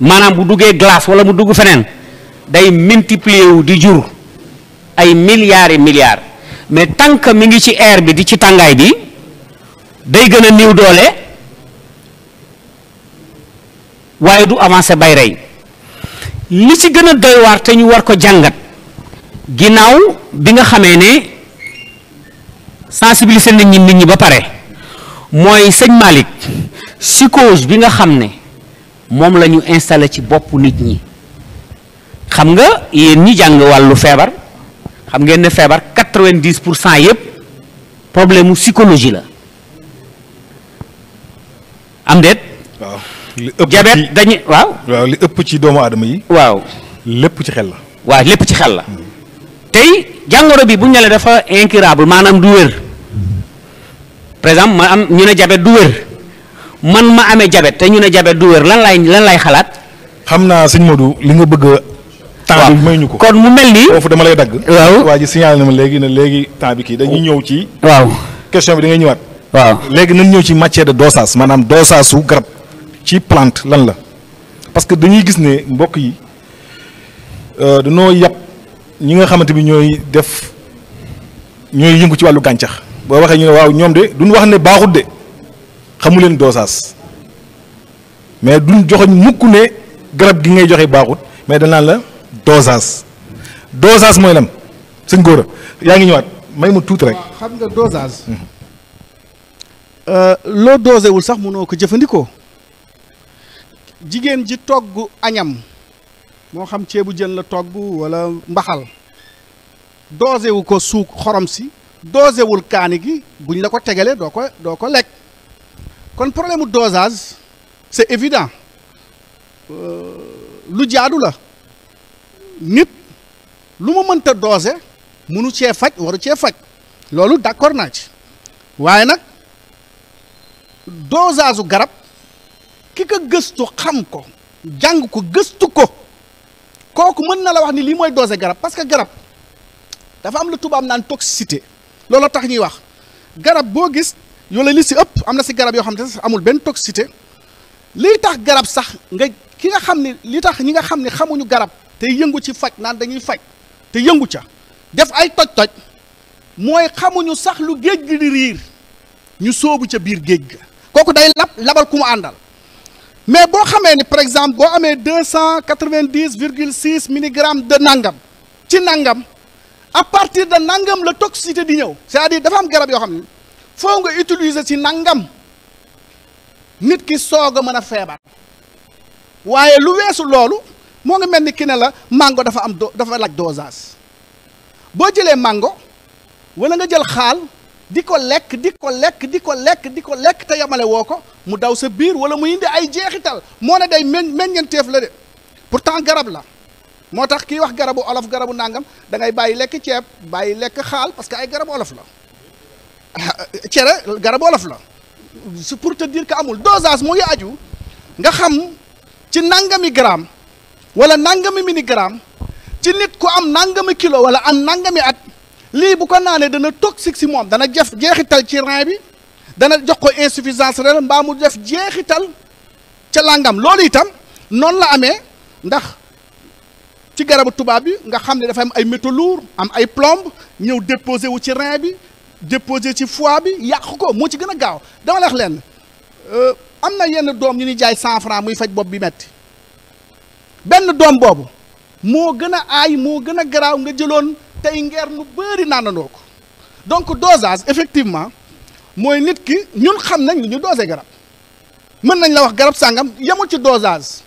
maanaam bu duggee glace wala mu dugg feneen day multiplier wu di jur ay milliards et mais tant que mi ngi ci air bi di ci tàngaay bi day gën a néew doole waaye du avancé bay rey li si gën a doy waar te ñu war ko jàngat ginnaaw bi nga xamee ne sensibiliser nañ nit ñi ba pare mooy sëñ maalik psychose bi nga xam ne moom la ñu installé ci boppu nit ñi xam nga yéen ñi jàng wàllu feebar xam ngeen ne feebar quatre-vingt-dix pour cent yëpp problème mu psychologie la am déet. waaw li ëpp jabet dañuy waaw. li ëpp ci doomu aadama yi. waaw lépp ci xel la. waaw lépp ci xel la. Hmm. tey jàngoro bi bu ñu dafa incurable maanaam du wér par exemple ma am ñu ne jabet du wér man ma amee jabet te ñu ne jabet du wér lan lay lan lay xalaat. xam naa sëñ Modou li nga bëgg temps bi may ñu ko kon mu mel nii. foofu dama lay dagg. waaw waa ji signalé na ma léegi ne léegi temps bi ki dañuy ñëw ci. waaw question bi da ngay ñëwaat. waaw léegi nañ ñëw ci matière de dosage maanaam dosage su garab ci plante lan la parce que dañuy gis ne mbokk yi euh, danoo yàpp ñi nga xamante bi ñooy def ñooy yëngu ci wàllu gàncax. boo waxee ñu ne waaw ñoom de duñ wax ne baaxut de xamu leen dosage mais duñ jox mukk ne garab gi ngay joxe baaxut mais danaan la. dosage dosage mooy lan sëñ góor yaa ngi ñëwaat may mu tuuti rek. xam nga dosage. Mhm. Euh, loo dosé wul sax mënoo ko jëfandikoo. jigéen ji togg añam moo xam ceebu jën la togg walla mbaxal dosé wu ko suuk xorom si dosé wul kaani gi buñ la ko tegalee doo ko doo ko lekk kon problème mu dosage c'est évident euh, lu jaadu la. nit lu mu mënta doose munu cee faj waru cee faj loolu d'accord naa ci waaye nag dosage u garab ki ko gëstu xam ko jàng ko gëstu ko kooku mën na la wax ni lii mooy dosé garab parce que garab dafa am lu tubaab naan toxicité looloo tax ñuy wax garab boo gis yoo la li si ëpp am na si garab yoo xam ne sax amul benn toxicité lii tax garab sax nga ki nga xam ne li tax ñi nga xam ne xamuñu garab te yëngu ci faj naan dañuy faj te yëngu ca def ay toj-toj mooy xamuñu sax lu géej gi di riir ñu sóobu ca biir géej ga kooku day lab labal ku mu àndal mais boo xamee ni par exemple boo amee deux cent quatre-vingt-dix virgule six milligrammes de nangam ci nangam à partir de nangam la toxicité di ñëw cest à dafa am garab yoo xam ne foo nga utiliser ci nangam nit ki soog a mën a feebar waaye lu weesu loolu moo ngi mel ni ki ne la mango dafa am do dafa laaj dosage boo jëlee màngo wala nga jël xaal di ko lekk di ko lekk di ko lekk di ko lekk te yamale woo ko mu daw sa biir wala mu indi ay jeexital moo ne day meñ meññeenteef la de pourtant garab la moo tax kiy wax garabu olof garabu nàngam da ngay bàyyi lekk ceeb bàyyi lekk xaal parce que ay garabu olof la [laughs] cere garabu olof la pour te dire que amul dosage mu ngi aju nga xam ci nangami gramme. wala nangami milligramme ci nit ku am nangami kilo wala am nangami at lii bu ko naanee dana toxique si moom dana jef jeexital ci rein bi dana jox ko insuffisance rénale mbaa mu def jeexital ca làngam loolu itam noonu la amee ndax ci garabu tubaab bi nga xam ne dafa am ay métaux am ay plomb ñëw déposé wu ci rein bi déposé ci fois bi yàq ko moo ci gën a gaaw dama la wax leen euh, am na yenn doom ñu ñuy jaay cent franc muy faj bopp bi metti Ben dom bobu mo gën ay mo moo graw nga jëloon tay ngeer mu bëri naanandoo donc dosage effectivement moy nit ki ñun xam nañ ñu doser garab mën nañ la wax garab sangam yemul ci dosage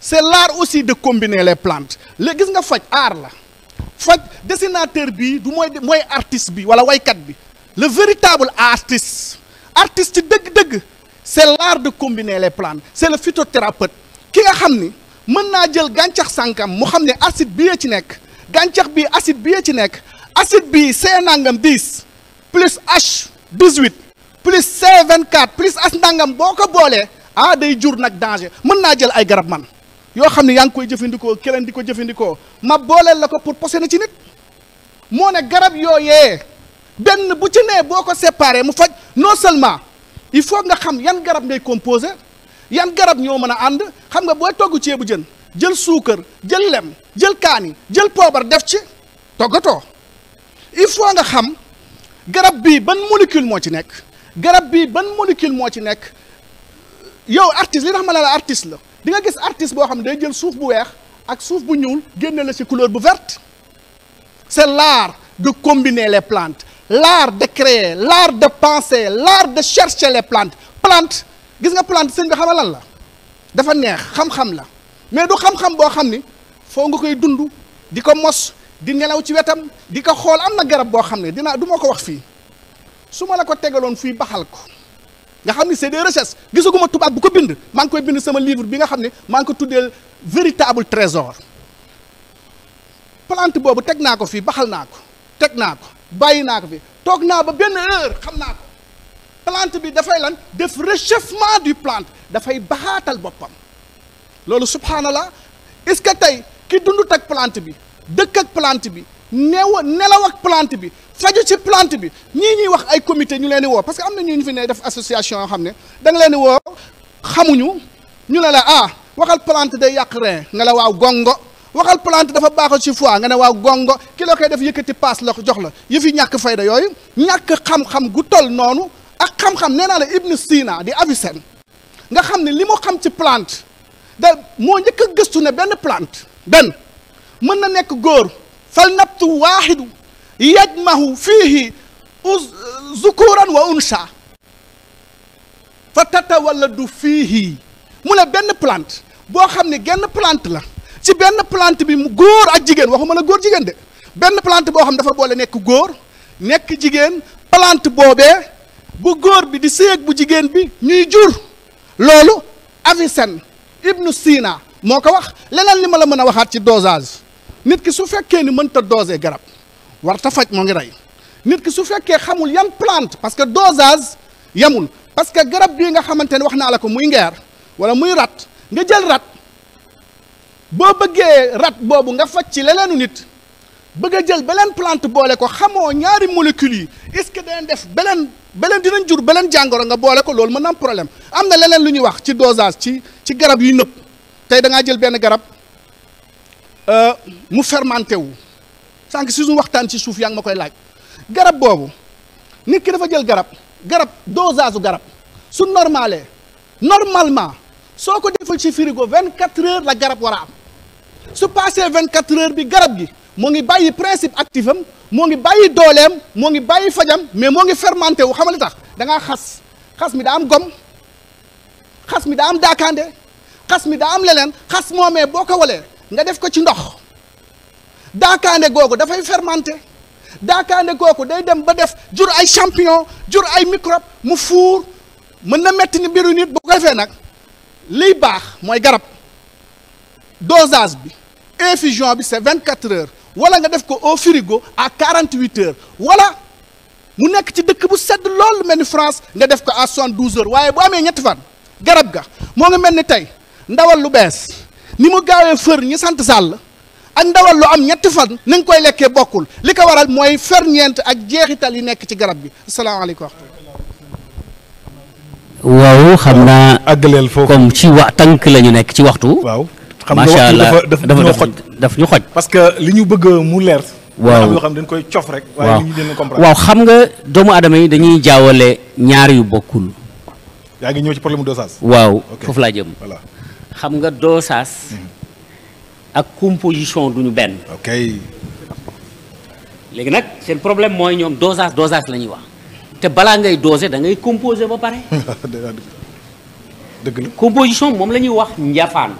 c'est l'art aussi de combiner les plantes le gis nga fajj art la fajj dessinateur bi du moy moy artiste bi wala waykat bi le véritable artiste artiste deug deug c'est l'art de combiner les plantes c'est le phytothérapeute ki nga xamni mën naa jël gàncax sànkam mu xam ne acide bi ci nekk gàncax bi acide bi ci nekk acide bi C nangam 10 plus H 18 plus C 24 plus H nangam boo ko boolee ah day jur nag danger mën naa jël ay garab man yoo xam ne yaa ngi koy jëfandikoo keneen di ko jëfandikoo ma booleel la ko pour posé na ci nit moo ne garab yooyee benn bu ci nee boo ko séparé mu faj non seulement il faut nga xam yan garab ngay composé yan garab ñoo mën a ànd xam nga booy togg ceebu jën jël suukar jël lem jël kaani jël poobar def ci toggatoo il faut nga xam garab bii ban molécule moo ci nekk garab bii ban molécule moo ci nekk yow artiste li tax ma ne la artiste la di nga gis artiste boo xam ne day jël suuf bu weex ak suuf bu ñuul génne la ci couleur bu verte c'est l'art de combiner les plantes laar de créer l'art de penser laar de chercher les plantes plantes gis nga plante sëñ bi xamal la dafa neex xam-xam la mais du xam-xam bo xamni fo nga koy dundu di mos di nelaw ci wetam di xol amna na garab bo xamni dina duma tegalon ko wax fi suma la ko tegalon fi baxal ko nga xamni c'est des recherches gisuguma tubab bu ko bind mang koy bind sama livre bi nga xamni mang ko tuddeel véritable trésor plante bobu teg nako fi baxal nako ko teg naa fi toog ba ben heure xam plante bi dafay lan def réchauffement du plante dafay baxaatal boppam loolu subhanallah est-ce que tey ki dundut ak plante bi dëkk ak plante bi neew nelaw ak plante bi faju ci plante bi ñii ñuy wax ay comité ñu leen di woo parce que am na ñu fi nee def association oo xam ne da nga leen di woo xamuñu ñu ne la ah waxal plante day yàq reen nga la waaw gongo waxal plante dafa baaxul ci foie nga ne waaw gongo ki la koy def yëkkati paas la jox la yëfi ñàkk fayda yooyu ñàkk xam gu toll noonu ak xam-xam nee naa la Ibn Sina di Avicenne nga xam ne li mu xam ci plante da moo njëkk a gëstu ne benn plante benn mën na nekk góor fal nabtu waaxidu yajmahu fiihi zukuran wa unsa fa tatawalladu fiihi mu ne benn plante boo xam ne genn plante la ci benn plante bi mu góor ak jigéen waxuma la góor jigéen de benn plante boo xam dafa boole nekk góor nekk jigéen plante boobee bu góor bi di séeg bu jigen bi ñuy jur lolu Avicenne Ibn Sina moko wax leneen li mala meuna waxat ci dosage nit ki su fekke ni meunta doser garab war ta faj mo ngi ray nit ki su fekke xamul yam plante parce que dosage yamul parce que garab bi nga xamantene waxna la ko muy ngeer wala muy rat nga jël rat bo beugé rat bobu nga faj ci leneen nit bëgg jël beneen plante boole ko xamoo ñaari molécules yi est-ce que dañ def beneen beneen dinañ jur beneen jàngoro nga boole ko loolu mën na am problème am na leneen lu ñuy wax ci dosage ci ci garab yuy nëb tey dangaa jël benn garab euh, mu fermenté wu sànq si suñu waxtaan ci suuf yaa ngi ma koy laaj garab boobu nit ki dafa jël garab garab dosage u garab su normalee normalement soo ko deful ci frigo vingt quatre heures la garab war a am su passé vingt quatre heures bi garab gi moo bayyi principe actif am bayyi dolem bayyi fadjam fajam mais moo fermenté wu xamali tax da nga xas xas mi da am gom xas mi da am dakande xas mi da am momé boko nga def ko ci ndox gogo da fay fermenté dakande gogo day dem ba def jur ay champion jur ay microbe mu four mën na metti ni mbiru nit bu garab dosage bi infusion bi c'est vingt-quatre heures wala nga def ko au frigo à 48 heures wala mu nekk ci dëkk bu sedd lool mel ni France nga def ko à 72 heures waaye bu amee ñetti fan garab ga moo ngi mel ni tey ndawal lu bees ni mu gaawee fër ñi sant sàll ak ndawal lu am ñetti fan ni nga koy lekkee bokkul li ko waral mooy ferñeent ak jeexital yi nekk ci garab bi asalaamaaleykum. waaw xam naa àggaleel foofu comme ci wa tànk la ñu nekk ci waxtu. waaw. xam nga waxtu dafa dafa ñoo daf ñu xoj. parce que li ñu bëgg mu leer. waaw yoo xam ne dañ koy cof rek. waaye li ñu xam nga doomu aadama yi dañuy jaawale ñaar yu bokkul. yaa ngi ñëw ci problème dosage. waaw foofu laa jëm. voilà xam nga dosage. Mhm. ak composition duñu benn. ok. léegi nag seen problème mooy ñoom dosage dosage la ñuy wax te balaa ngay doser da ngay composer ba pare. [laughs] dëgg la composition moom la ñuy wax njafaan.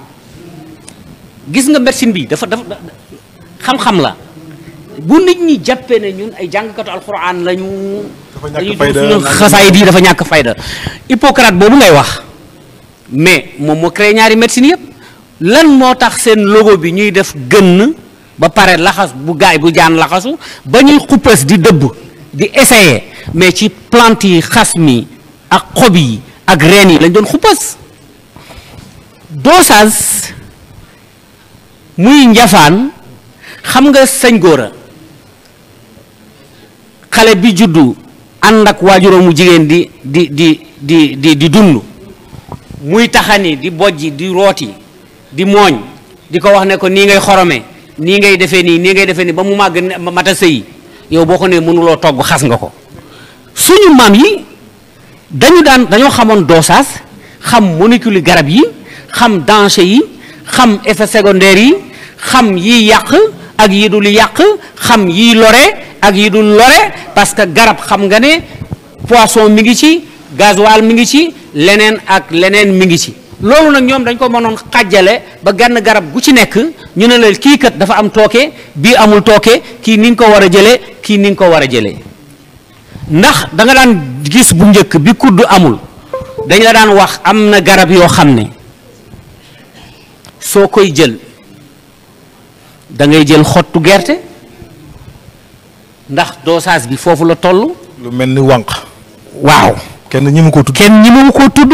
gis nga médecine bi dafa dafa xam-xam la bu nit ñi jappé ne ñun ay jàngkatu alquran lañu dañuy suñu xasaay di dafa ñak fayda hippocrate bobu ngay wax mais moom mo créé ñaari médecine yépp lan moo tax logo bi ñuy def gën ba paré laxas bu gaay bu jaan laxasu ba ñuy xuppes di deub di essayer mais ci plante yi xas mi ak xob yi ak reen yi lañ doon xuppes dosage muy njafaan xam nga sañ góora xale bi juddu ànd ak waajuróom mu jigéen di di di di di di dund muy taxani di bojji di rooti di mooñ di ko wax ne ko nii ngay xorome nii ngay defee nii nii ngay defee nii ba mu màgg mata sëyi yow boo ko ne mënuloo togg xas nga ko suñu maam yi dañu daan dañoo xamoon doosaas xam molécule garab yi xam danger yi xam effet secondaire yi xam yi yaq ak yi dul yaq xam yi loré ak yi dul loré parce que garab xam nga né poisson mi ngi ci gasoil mi ngi ci lenen ak lenen mi ngi ci lolou nak ñom dañ ko mënon xajalé ba gann garab gu ci nek ñu ne ki kat dafa am toké bi amul toké ki ni nga ko wara jëlé ki ni ko wara jëlé ndax da nga daan gis bu ñëk bi kuddu amul dañ la daan wax am garab yo xamné soo koy jël dangay jël xottu gerte ndax dosage bi foofu la toll. lu mel ni wanq waaw. kenn ñi mu ko tudd kenn ñi mu ko tudd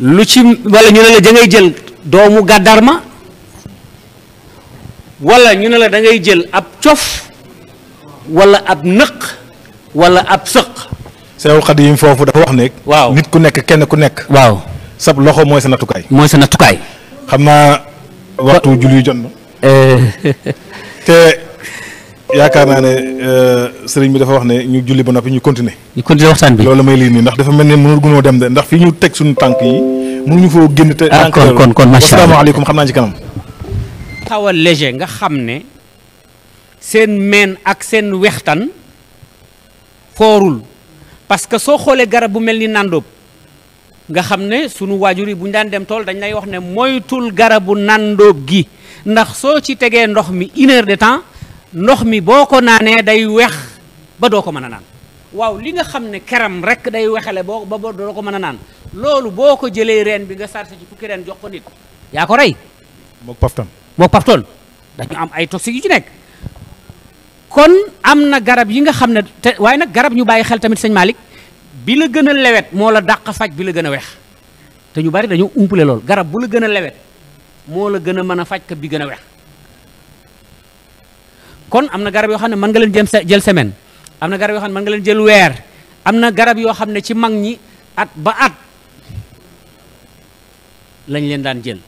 lu ci wala ñu ne la da jël doomu gàddarma walla ñu ne la da ngay jël ab cof walla ab nëq walla ab sëq. Seexul Xadiim foofu dafa wax ne. waaw nit ku nekk kenn ku nekk. waaw. sab loxo mooy sa nattukaay. mooy sa nattukaay. xam naa waxtu julli jot na. Eh. [laughs] te yaakaar naa ne euh, sëriñ bi dafa wax ne ñu julli ba noppi ñu continuer. ñu continuer waxtaan bi loolu may lii nii ndax dafa mel ne mënul gunoo dem de ndax fii ñu teg suñu tànk yi mënuñu foo génn. te ah, tànk kon kon kon macha allah asalaamaaleykum xam naa nga xam ne seen meen ak seen wextan foorul parce que soo xoolee garab bu mel ni nàndóob nga xam ne sunu waajur yi bu ñu daan dem tool dañ lay wax ne moytul garabu nandóob gi ndax soo ci tegee ndox mi une heure de temps ndox mi boo ko naanee day weex ba doo ko mën a naan waaw li nga xam ne keram rek day wexale boo ba doo ko mën a naan loolu boo ko jëlee reen bi nga sarse ci fukki reen jox ko nit yaa ko rey mook paftoon mook paftoon dañu am ay toxiques yu ci nekk kon am na garab yi nga xam ne te waaye nag garab ñu bàyyi xel tamit sëñ Malick bi la gën a lewet moo la dàq faj bi la gën a weex te ñu bari dañoo umpale lool garab bu la gën a lewet moo la gën a mën a faj ka bi gën a weex kon am na garab yoo xam ne mën nga leen jëm jël semaine am na garab yoo xam ne mën nga leen jël weer am na garab yoo xam ne ci mag ñi at ba at lañ leen daan jël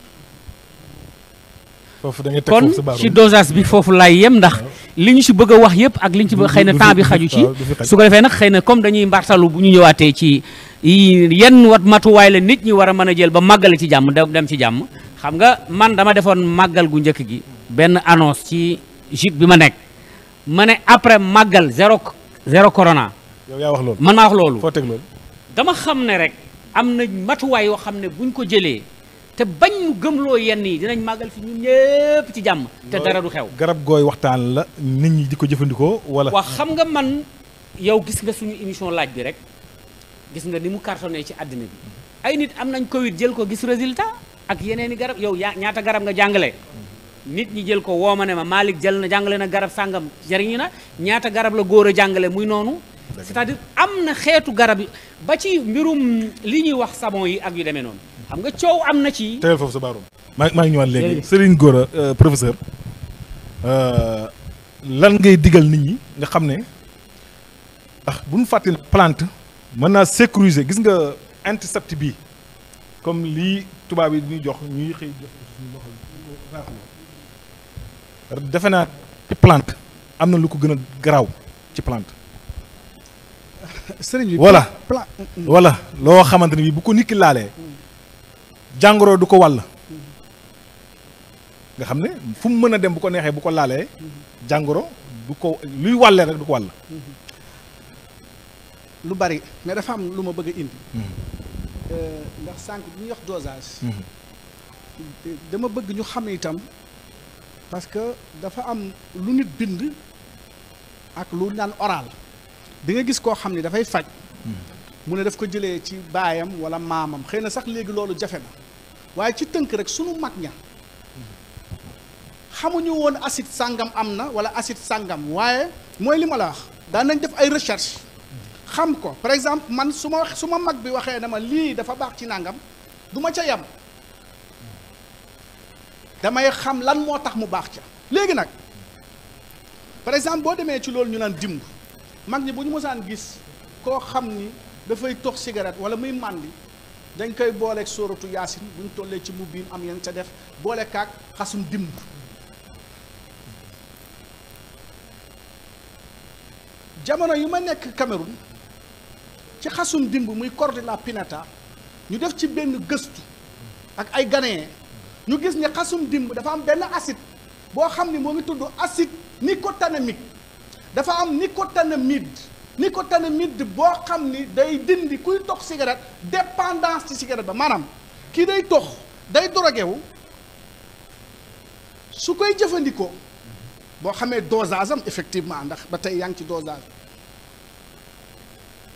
kon ci dosage bi foofu laay yem ndax li ñu si bëgg wax yëpp ak li ñu si bëgg xëy na temps bi xaju si su ko defee nag xëy na comme dañuy mbartalu bu ñu ñëwaatee ci yenn wat matuwaay la nit ñi war a mën a jël ba màggale ci jàmm dem ci jàmm xam nga man dama defoon màggal gu njëkk gi benn annonce ci jute bi ma nekk ma ne après màggal zéro zéro corona yow wax loolu man maa wax loolu foo teg loolu dama xam ne rek am na matuwaay yoo xam ne buñ ko jëlee te bañ nu gëmloo yenn yi dinañ màggal fi ñun ñëpp ci jàmm te dara du xew garab gooy waxtaan la nit ñi di ko jëfandikoo wala waaw xam nga man yow gis nga suñu émission laaj bi rek gis nga ni mu cartonné ci àddina bi ay nit am nañ Covid jël ko gis résultat ak yeneen i garab yow yaa ñaata garab nga jàngale nit ñi jël ko woo ma ne ma Malick jël na jàngale na garab sàngam jariñu na ñaata garab la góor a jàngale muy noonu c'est-à-dire am na xeetu garab yi ba ci mbirum li ñuy wax savon yi ak yu demee noonu xam nga coow am na ci. tegal foofu sa baaroom. maa maa ngi ñëwaat léegi Serigne Gora euh, professeur euh, lan ngay digal nit ñi nga xam ne ndax bu ñu fàttali plante mën naa sécuriser gis nga antiseptique bi comme lii tubaab yi ñuy jox ñuy xëy jox suñu defe naa ci plante am na lu ko gën a garaaw ci plante. sëriñ bi voilà voilà loo xamante ne bii bu ko nit laalee. Mm. jàngoro du ko wàll nga xam ne fu mu mën a dem bu ko neexee bu ko laalee jàngoro du ko luy wàllee rek du ko wàll lu bari mais dafa am lu ma bëgg a indi mhm. euh, ndax sànq bu wax dosage mhm. dama bëgg ñu xam ne itam parce que dafa am lu nit bind ak lu naan oral di nga gis koo xam ne dafay faj mhm. mu ne daf ko jëlee ci baayam wala maamam xëy na sax léegi loolu jafe na waaye ci tënk rek sunu mag ña xamuñu woon acide sàngam am na wala acide sàngam waaye mooy li ma la wax daan nañ def ay recherche xam ko par exemple man su ma su ma mag bi waxee na ma lii dafa baax ci nàngam du ma ca yem damay xam lan moo tax mu baax ca léegi nag par exemple boo demee ci loolu ñu naan dimb mag ñi bu ñu mosaan gis koo xam ni dafay tox cigarette wala muy màndi dañ koy booleek sóoratu yaasin buñ tollee ci mu biin am yenn ca def boole kaag xasum dimb jamono yi ma nekk Cameroun ci xasum dimb muy cordi la pinata ñu def ci benn gëstu ak ay Ghanéens ñu gis ne xasum dimb dafa am benn acide boo xam ni moo ngi tudd acide nicotinamique dafa am nicotinamide ni ko nicotinamide boo xam ni day dindi kuy tox cigarette dépendance ci cigarette ba maanaam kii day tox day drogué wu su koy jëfandikoo boo xamee dosage am effectivement ndax ba tey yaa ngi ci dosage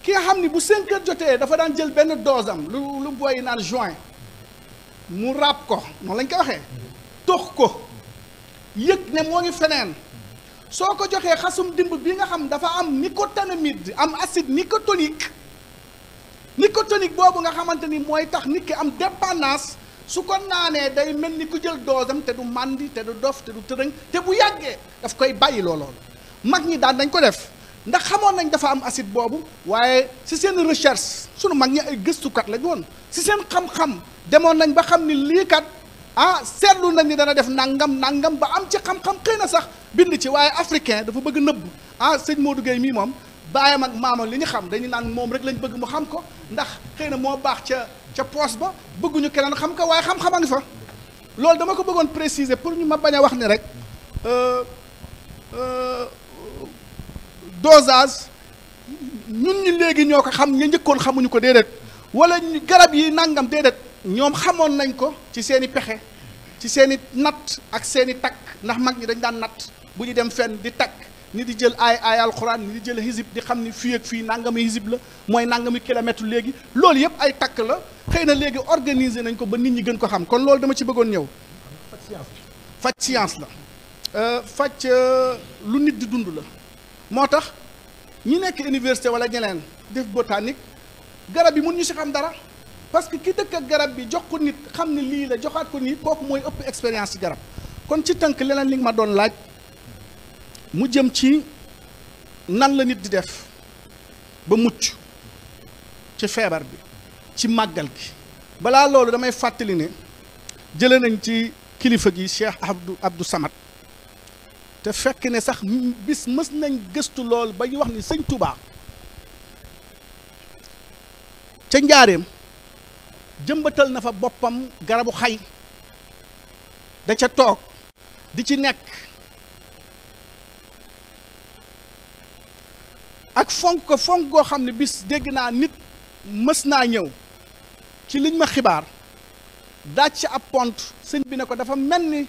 ki nga xam ni bu 5 heures jotee dafa daan jël benn dose am lu lu booy naan joint mu raab ko noonu lañ ko waxee tox ko yëg ne moo ngi feneen soo ko joxee xasum dimb bi nga xam dafa am nicotinamide am acide nicotinique nicotinique boobu nga xamante ni mooy tax nit ki am dépendance su ko naanee day mel ni ku jël doosam te du màndi te du dof te du tërëng te bu yàggee daf koy bàyyi loolool mag ñi daan dañ ko def ndax xamoon nañ dafa am acide boobu waaye si seen recherche sunu mag ñi ay gëstukat lañ woon si seen xam-xam demoon nañ ba xam ni lii ah seetlu nañ ni dana def nangam nangam ba am ci xam-xam xëy na sax bind ci waaye africain dafa bëgg nëbbu ah sëñ Modou Gueye mii moom baayam ak maamam li ñu xam dañu naan moom rek lañ bëgg mu xam ko ndax xëy na moo baax ca ca poos ba bëgguñu keneen xam ko waaye xam-xam a ngi fa loolu dama ko bëggoon préciser pour ñu ma bañ a wax ni rek euh, euh, dosage ñun ñi léegi ñoo ko xam nga njëkkoon xamuñu ko déedéet wala garab yi nangam déedéet ñoom xamoon nañ ko ci seen i pexe ci seen i natt ak seen i takk ndax mag ñi dañ daan natt bu ñu dem fenn di takk ni di jël ay ay alxuraan ni di jël hisib di xam ni fii ak fii nangami hisib la mooy nangami kilomètre léegi loolu yëpp ay takk la xëy na léegi organiser nañ ko ba nit ñi gën ko xam kon loolu dama ci bëggoon ñëw. faj science la euh, faj science euh, lu nit di dund la moo tax ñi nekk université wala ñeneen def botanique garab yi mun ñu si xam dara. parce que ki dëkk ak garab bi jox ko nit xam ne lii la joxaat ko nit kooku mooy ëpp expérience garab kon ci tënk leneen li nga ma doon laaj mu jëm ci nan la nit di def ba mucc ci feebar bi ci màggal gi balaa loolu damay fàttali ne jële nañ ci kilifa gi Cheikh Abdou Abdou Samad te fekk ne sax bis mës nañ gëstu lool ba ñu wax ni sëñ Touba ca njaareem jëmbatal na fa boppam garabu xay da ca toog di ci nekk ak fonk fonk goo xam ne bis dégg naa nit mës naa ñëw ci liñ ma xibaar daaj ci ab pont sëñ bi ne ko dafa mel ni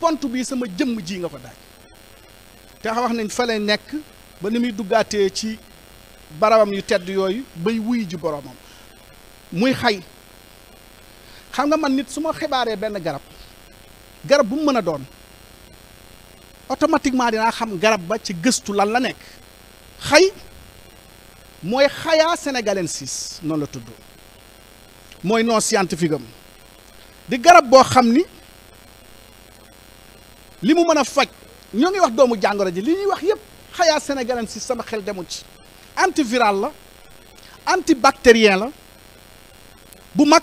pont bii sama jëmm ji nga ko daaj te wax nañ fa lay nekk ba ni muy duggaatee ci barabam yu tedd yooyu bay wuy ji boroomam muy xay xam nga man nit su ma xibaaree benn garab garab bu mu mën a doon automatiquement dinaa xam garab ba ci gëstu lan la nekk xay mooy xayaa sénégalensis noonu la tudd mooy non scientifique am di garab boo xam ni li mu mën a faj ñoo ngi wax doomu jàngoro ji li ñuy wax yëpp xayaa sénégalensis sama xel demu ci antiviral la antibactérien la bu mag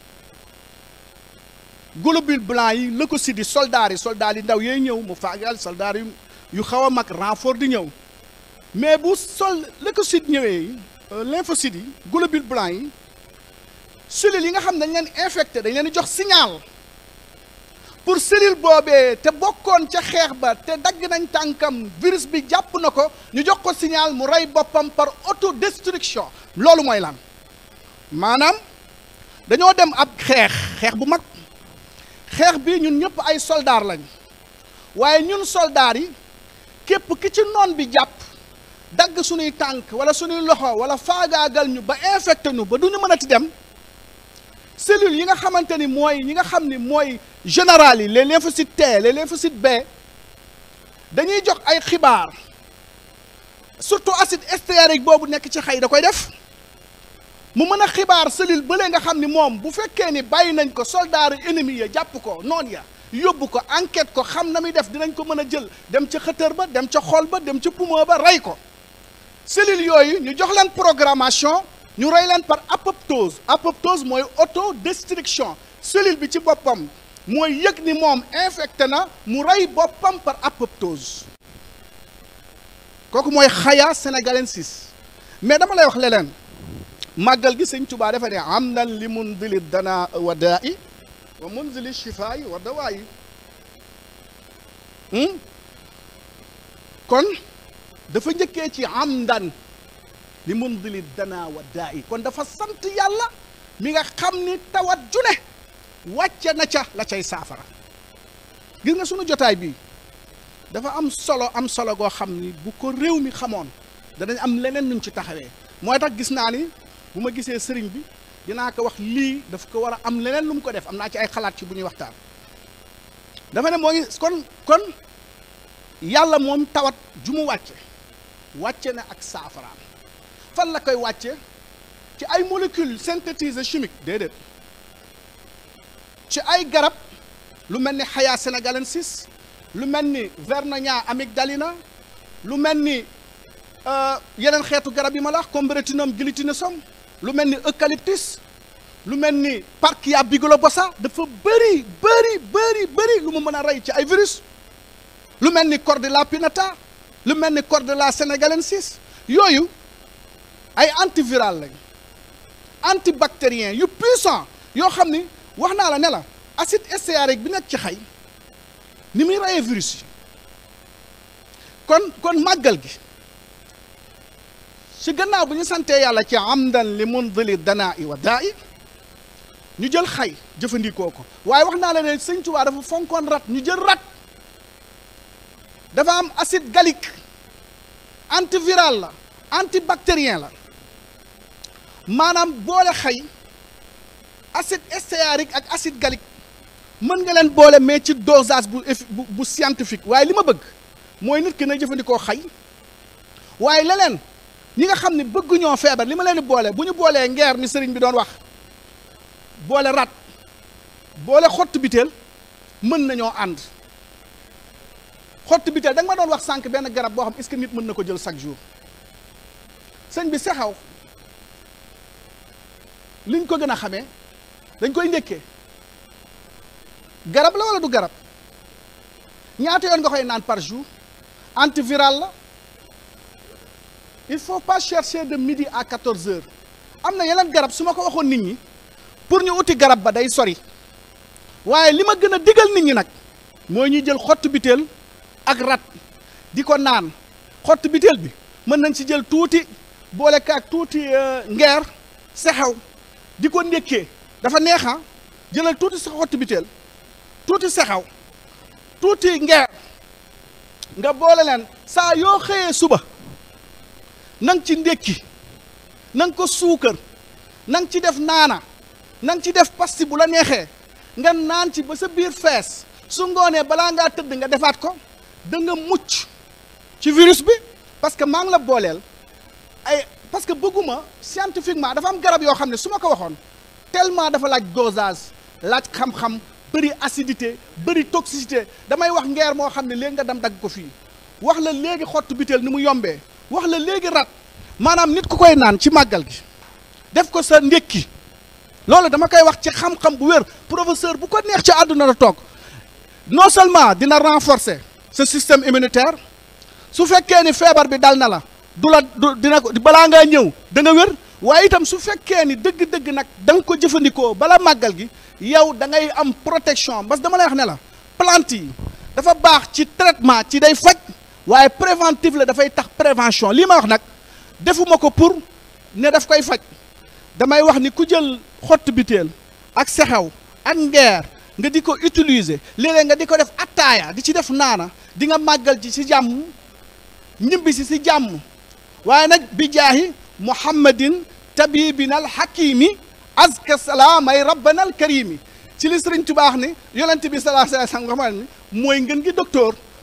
globule blanc yi leucocytes yi soldats yi soldats yi ndaw yooyu ñëw mu faagal soldats yu yu xaw a mag renfort di ñëw mais bu sol ko leucocytes ñëwee euh, lymphocytes yi globule blanc yi cellules yi nga xam dañ leen infecté dañ leen di jox signal pour cellule boobee te bokkoon ca xeex ba te dagg nañ tànkam virus bi jàpp na ko ñu jox ko signal mu rey boppam par autodestruction loolu mooy lan maanaam dañoo dem ab xeex xeex bu mag xeex bi ñun ñëpp ay soldaar lañ waaye ñun soldaar yi képp ki ci noon bi jàpp dagg suñuy tànk wala suñuy loxo wala faagaagal ñu ba infecté ñu ba du ñu mën a ti dem cellule yi nga xamante ni mooy ñi nga xam ni mooy général yi les lymphocytes T les lymphocytes B dañuy jox ay xibaar surtout acide stéarique boobu nekk ci xay da koy def mu mën a xibaar selil bële nga xam ni moom bu fekkee ni bàyyi nañ ko soldaaru ennemi ya jàpp ko noon ya yóbbu ko enquête ko xam na muy def dinañ ko mën a jël dem ca xëtër ba dem ca xool ba dem ca poumon ba rey ko cellules yooyu ñu jox leen programmation ñu rey leen par apoptose apoptose mooy autodestruction cellule bi ci boppam mooy yëg ni moom infecté na mu rey boppam par apoptose kooku mooy xaya sénégalensis mais dama lay wax leneen magal gi seigne touba defane ne limun nan dana wa daa wa munzil shifai wa dawa'i hmm kon dafa njëkkee ci amdan limun li dana wa daa kon dafa sant yàlla mi nga xamni tawajjune wàcce na ca la cey safara gis nga sunu jotaay bi dafa am solo am solo go xamni bu ko rew mi xamoon danañ am leneen nuñ ci taxawé moy tax gis naa ni bu ma gisee sëriñ bi dinaa ko wax lii daf ko war a am leneen lu mu ko def am naa ci ay xalaat ci bu ñuy waxtaan dafa ne moo ngi kon kon yàlla moom tawat ju mu wàcce wàcce na ak saafaraan fan la koy wàcce ci ay molécules chimique chimiques déedéet ci ay garab lu mel ni Haya sis lu mel ni Vernonia amygdalina lu mel ni euh, yeneen xeetu garab yi ma la wax combretinum glutinosum lu melni eucalyptus lu melni parkia bigelobosa dafa bëri bëri bëri bëri lu mu mën a ci ay virus lu melni la pinata le lu melni de la sénégalensis yoyu ay antiviral lañ antibactérien yu puissant yo xamni la nela acide stéarique bi nek ci xay ni muy virus yi kon kon magal gi si gannaaw bu ñu santee yàlla ci amdan li mun dili danaa i wa daa i ñu jël xay jëfandikoo ko waaye wax naa la ne sëñ Tuubaa dafa fonkoon rat ñu jël rat dafa am acide gallique antiviral la antibactérien la maanaam boole xay acide stéarique ak acide gallique mën nga leen boole mais ci dosage bu bu scientifique waaye li bëgg mooy nit ki na jëfandikoo xay waaye leneen ñi nga xam ne bëgg ñoo feebar li ma leen di boole bu ñu boolee ngeer mi sëriñ bi doon wax boole rat boole xottu biteel mën nañoo ànd xott biteel da nga ma doon wax sànq benn garab boo xam est-ce que nit mën na ko jël chaque jour sëñ bi sexaw liñ ko gën a xamee dañ koy ndékkee garab la wala du garab ñaata yoon nga koy naan par jour antiviral la il faut pas chercher de midi à 14 heures am na yeneen garab su ma ko waxoon nit ñi pour ñu uti garab ba day sori waaye li ma gën a digal nit ñi nag mooy ñuy jël xottu biteel ak rat di ko naan xottu biteel bi mën nañ ci jël tuuti boole kaak tuuti euh, ngeer sexew di ko ndékkee dafa neexa ah, jëlal tuuti sa xottu biteel tuuti sexew tuuti ngeer nga boole leen saa yoo xëyee suba na nga ci ndékki na ko suukar na nga ci def naana na nga ci def pasti bu la neexee nga naan ci ba sa biir fees su ngoonee balaa ngaa tëdd nga defaat ko da nga mucc ci virus bi parce que maa la booleel ay parce que bëgguma scientifiquement dafa am garab yoo xam ne su ma ko waxoon tellement dafa laaj dosage laaj xam-xam bëri acidité bëri toxisité damay wax ngeer moo xam ne léegi nga dem dagg ko fii wax la léegi xottu biteel ni mu yombee wax la léegi rat maanaam nit ku koy naan ci màggal gi def ko sa ndékki loolu dama koy wax ci xam-xam bu wér professeur bu ko neex ci àdduna la toog non seulement dina renforcer sa système immunitaire su fekkee ni feebar bi dal na la du la du dina ko balaa ngaa ñëw da nga wér waaye itam su fekkee ni dëgg-dëgg nag da nga ko jëfandikoo bala màggal gi yow da ngay am protection parce dama lay wax ne la plante yi dafa baax ci traitement ci day faj waaye préventif la dafay tax prévention li ma wax nag defuma ko pour ne daf koy faj damay wax ni ku jël xottu biteel ak sexew ak ngeer nga di ko utiliser léeg-léeg nga di ko def attaaya di ci def naana di nga màggal ci si jàmm ñibbi si si jàmm waaye nag bi jaahi muhammadin tabibina hakimi azka salaamay rabbana alkarimi ci li sëriñ tubaax ni yonent bi salaa sallam nga xam ne gi docteur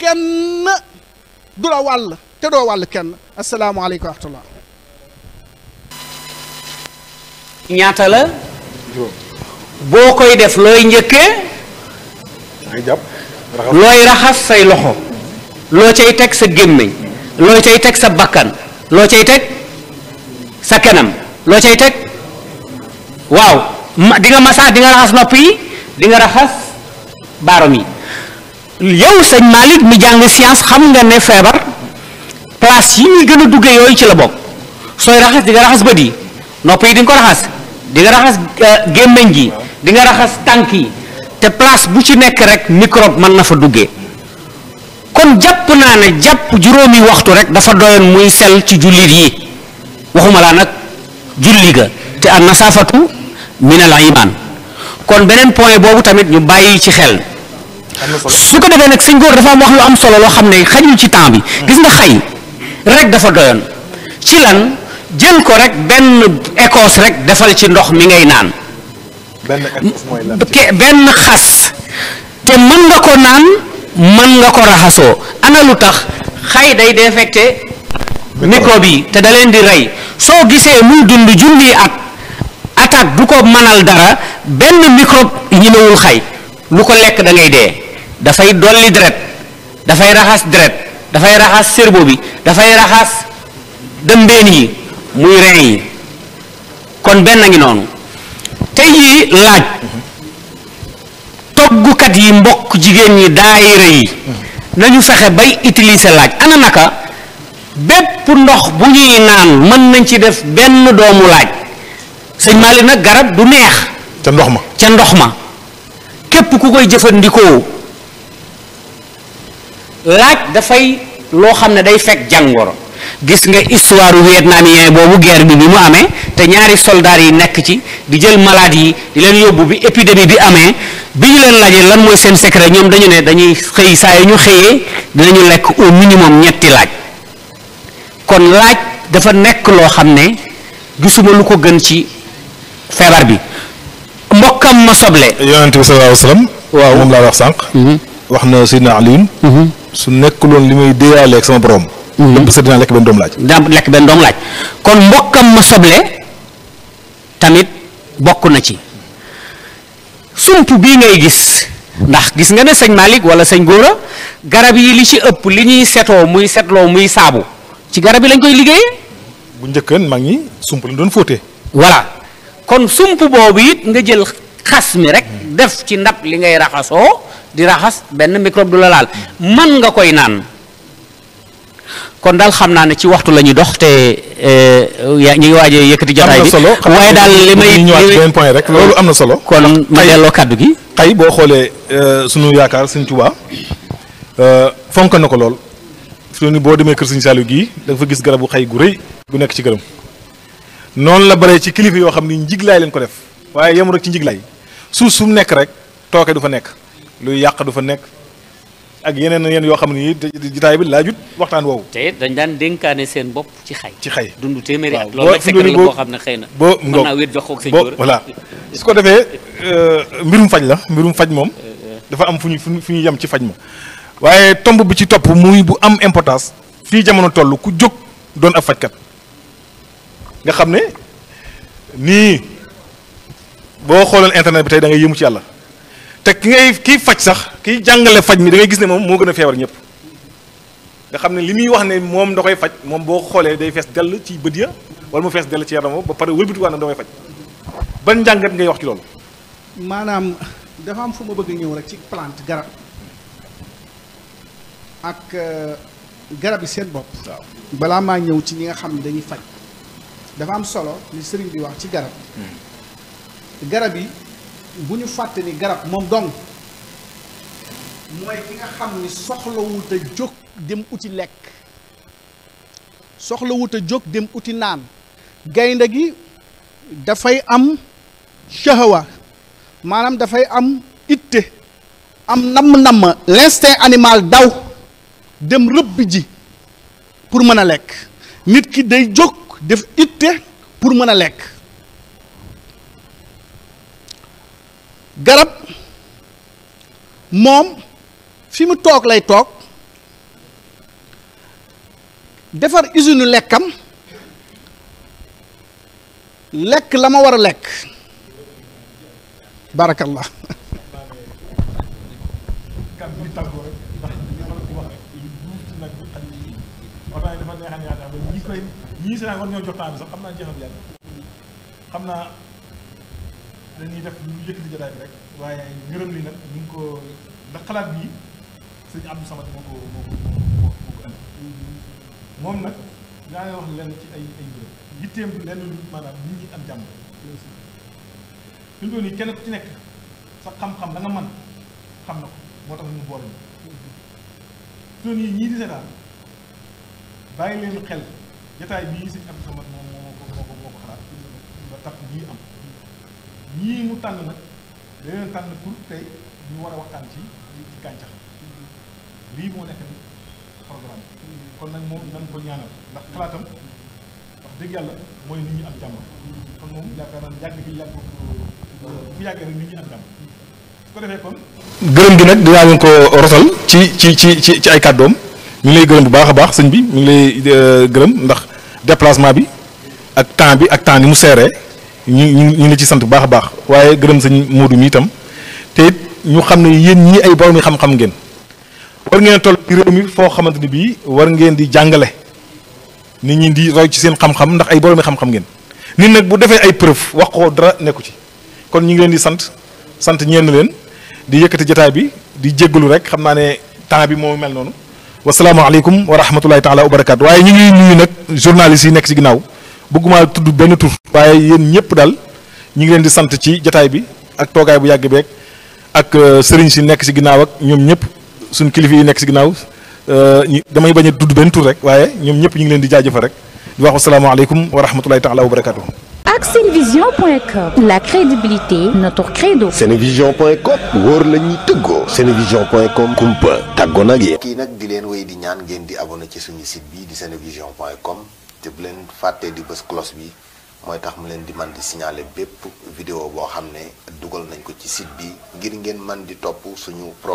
كن دولا وال تدو وال كن السلام عليكم ورحمه الله نياتا لا بوكاي ديف لوي نيكي لوي راخاس ساي لوخو لو تي تك سا گيمي لو تي تك سا بكان لو تي تك سا كنم لو تي تك واو ديغا مسا ديغا راخاس نوبي ديغا راخاس بارومي yow sëñ malik mi jang science xam nga ne fever, place yi muy gëna duggé yoy ci la bok soy raxas di nga raxas ba di nopp di nga ko raxas di nga raxas euh, gémmeñ gi di nga raxas te place bu ci nekk rek microbe man na fa duggé kon japp na ne japp juróomi waxtu rek dafa doyon muy sel ci julit yi waxuma la nak julli ga te an nasafatu min al iman kon benen point bobu tamit ñu bayyi ci xel su ko defee nag sëñ góor dafa am wax lu am solo loo xam ne xajul ci temps bi hmm. gis nga xay rek dafa doyoon ci lan jël ko rek benn écorce rek defal ci ndox mi ngay naan benn xas te mën nga ko naan mën nga ko raxasoo ana lu tax xay day défecté microbe yi te da leen di rey soo gisee muy dund junniy at attaque du ko mënal dara benn microbe ñi newul xay lu ko lekk da ngay dee dret da fay rahas rahas da fay rahas serbo bi rahas raxas dëmbeen yi muy reñ yi kon ben ngi noonu tey yi laaj kat yi mbok jigen ñi daire yi nañu fexé bay utiliser laaj ana naka bepp ndox bu ñuy naan mën nañ ci def ben doomu laaj sëñ malik nak garab du neex ca ndox ma ca ndox ma kep ku koy jëfëndiko laaj dafay loo xam ne day fekk jàngoro gis nga histoire vietnamien boobu guerre bi bi mu amee te ñaari soldaar yi nekk ci di jël malade yi di leen yóbbu bi épidémie bi amee bi ñu leen laajee lan mooy seen secret ñoom dañu ne dañuy xëy saa yu ñu xëyee dinañu lekk mu au minimum ñetti laaj kon laaj dafa nekk loo xam ne gisuma lu ko gën ci feebar bi mbokkam ma soble. yonent bi sallallahu alayhi wa wax sànq. Mm-hmm. wax na Sidna Alioune. Mm-hmm. su nekkuloon limay may déeyaaleeg sama borom. dem mhm. sa dina lek ben dom laaj. dinaa lek ben dom laaj kon mbokam ma soble tamit bokku na ci sump bi ngay gis ndax gis nga ne sëñ malik wala sëñ Góora garab yi li ci ëpp li ñuy setoo muy setloo muy sabu ci garab yi lañ koy liggéey bu ñëkkeen mag ngi sumpu lañ doon fóotee. voilà kon sumpu boobu it nga jël xas mi rek mhm. def ci ndab li ngay raxasoo. di raxas benn microbe du la laal man nga koy naan kon daal xam naa ne ci waxtu la ñuy dox te eh, ñu ngi waaj a yëkkati jotaay bi waaye daal li may ñëwaat benn point rek loolu am na solo kon ma delloo kàddu gi xay boo xoolee eh, sunu yaakaar Sëñ Tuubaa eh, fonk na ko lool su ni boo demee kër Sëñ Saaliw gii da fa gis garabu xay gu rëy gu nekk ci këram noonu la bare ci kilifa yoo xam ni njiglaay leen ko def waaye yemul rek ci njiglaay suuf su nekk rek tooke du fa nekk luy yàq du fa nekk ak yeneen yeneen yoo xam ne nii jitaay bi laajut waxtaan woowu. te dañ daan dénkaane seen bopp ci xay. ci xay dund téeméeri at. loolu nag la boo xam xëy na. boo mën naa wéet jox ko su ko defee euh, mbirum faj la mbirum faj moom. Euh, euh. dafa am fu ñu fu ñu yem ci faj ma waaye tomb bi ci topp muy bu am importance fii jamono toll ku jóg doon ab fajkat nga xam ne nii boo xoolal internet bi tey dangay ngay yëmu ci yàlla. te ki ngay ki fajj sax ki jàngale fajj mi da ngay gis ne moom moo gën a feebar ñëpp nga xam ne li muy wax ne moom da koy faj moom boo xoolee day fees dell ci bët ya wala mu fees dell ci yaramo ba pare wëlbitu na da koy faj ban njàngat ngay wax ci loolu. maanaam dafa am fu ma bëgg ñëw rek ci plante garab ak euh, garab yi seen bopp. waaw balaa maa ñëw ci ñi nga xam ne dañuy faj dafa am solo li sëriñ bi wax ci garab hmm. garab yi. bu ñu fàtte ni garab moom dong mooy ki nga xam ni soxlawul te jóg dem uti lekk soxlawut a jóg dem uti naan gaynde gi dafay am shahawa maanaam dafay am itte am nam nam l'instinct animal daw dem rëbbi ji pour mën a lekk nit ki day jóg def itte pour mën a lekk garab moom fi mu toog lay toog defar usine lekkam lekk la ma war a lekk barakallah ñii koy ñii si naa war ñoo jox temps bi naa jeexal yàlla xam dañuy def lu ñu njëkk di jotaay bi rek waaye ngërëm li nag ñu ngi ko ndax xalaat bii sëñ Abdou Samad moom nag daa ngay wax lenn ci ay ay ngërëm yitteem du lenn lu maanaam nit ñi am jàmm fi mu kenn ku ci nekk sa xam-xam la nga mën xam na ko moo tax ñu boole ñu nii ñii di seetaan bàyyi leen xel jotaay bii sëñ Abdou Samad moom moo ko moo ko xalaat ba tax ñii am ñii mu tànn nag dañoo tànn war a waxtaan ci ci gàncax bi ko ñaanal yàlla mooy nit am jàmm kon moom gi yàgg bu ko defee ci ci ci ci ci ay kàddoom mi ngi lay gërëm bu baax a baax sëñ bi mu ngi lay euh, gërëm ndax déplacement bi ak temps bi ak temps ni mu seeree ñu ñu ñu ngi ci sant bu baax a baax waaye gërëm sëñ Modou mi itam te it ñu xam ne yéen ñi ay borom yi xam-xam ngeen war ngeen toll ci foo xamante ni bii war ngeen di jàngale nit ñi di roy ci seen xam-xam ndax ay borom yi xam-xam ngeen nit nag bu defee ay preuve wax ko dara nekku ci kon ñu ngi leen di sant sant ñeen leen di yëkkati jataay bi di jéggalu rek xam naa ne temps bi moo mel noonu. wasalaamaaleykum wa rahmatulahi taala wa barakaatu waaye ñu ngi nuyu nag journaliste yi nekk ci ginnaaw. bëgguma tudd benn tur waaye yéen ñëpp daal ñu ngi leen di sant ci jataay bi ak toogaay bu yàgg beeg ak euh, sëriñ si nekk ci ginnaaw ak ñoom ñëpp suñ kilifa yi nekk si ginnaaw euh, damay bañ a tudd benn tur rek waaye ñoom ñëpp ñu ngi leen di jaajëfal rek di wax asalaamaaleykum wa rahmatulahi taala wa barakaatu. ak senevision.com la crédibilité notre credo. senevision.com wóor la ñuy tëggoo. senevision.com kumpa tàggoo nag yéen. kii nag di leen wéy di ñaan ngeen di abonné ci suñu site bi di senevision.com. te bu leen fàttee di bës cloche bi mooy tax mu leen di man di signaler bépp vidéo boo xam ne dugal nañ ko ci site bi ngir ngeen man di topp suñu programme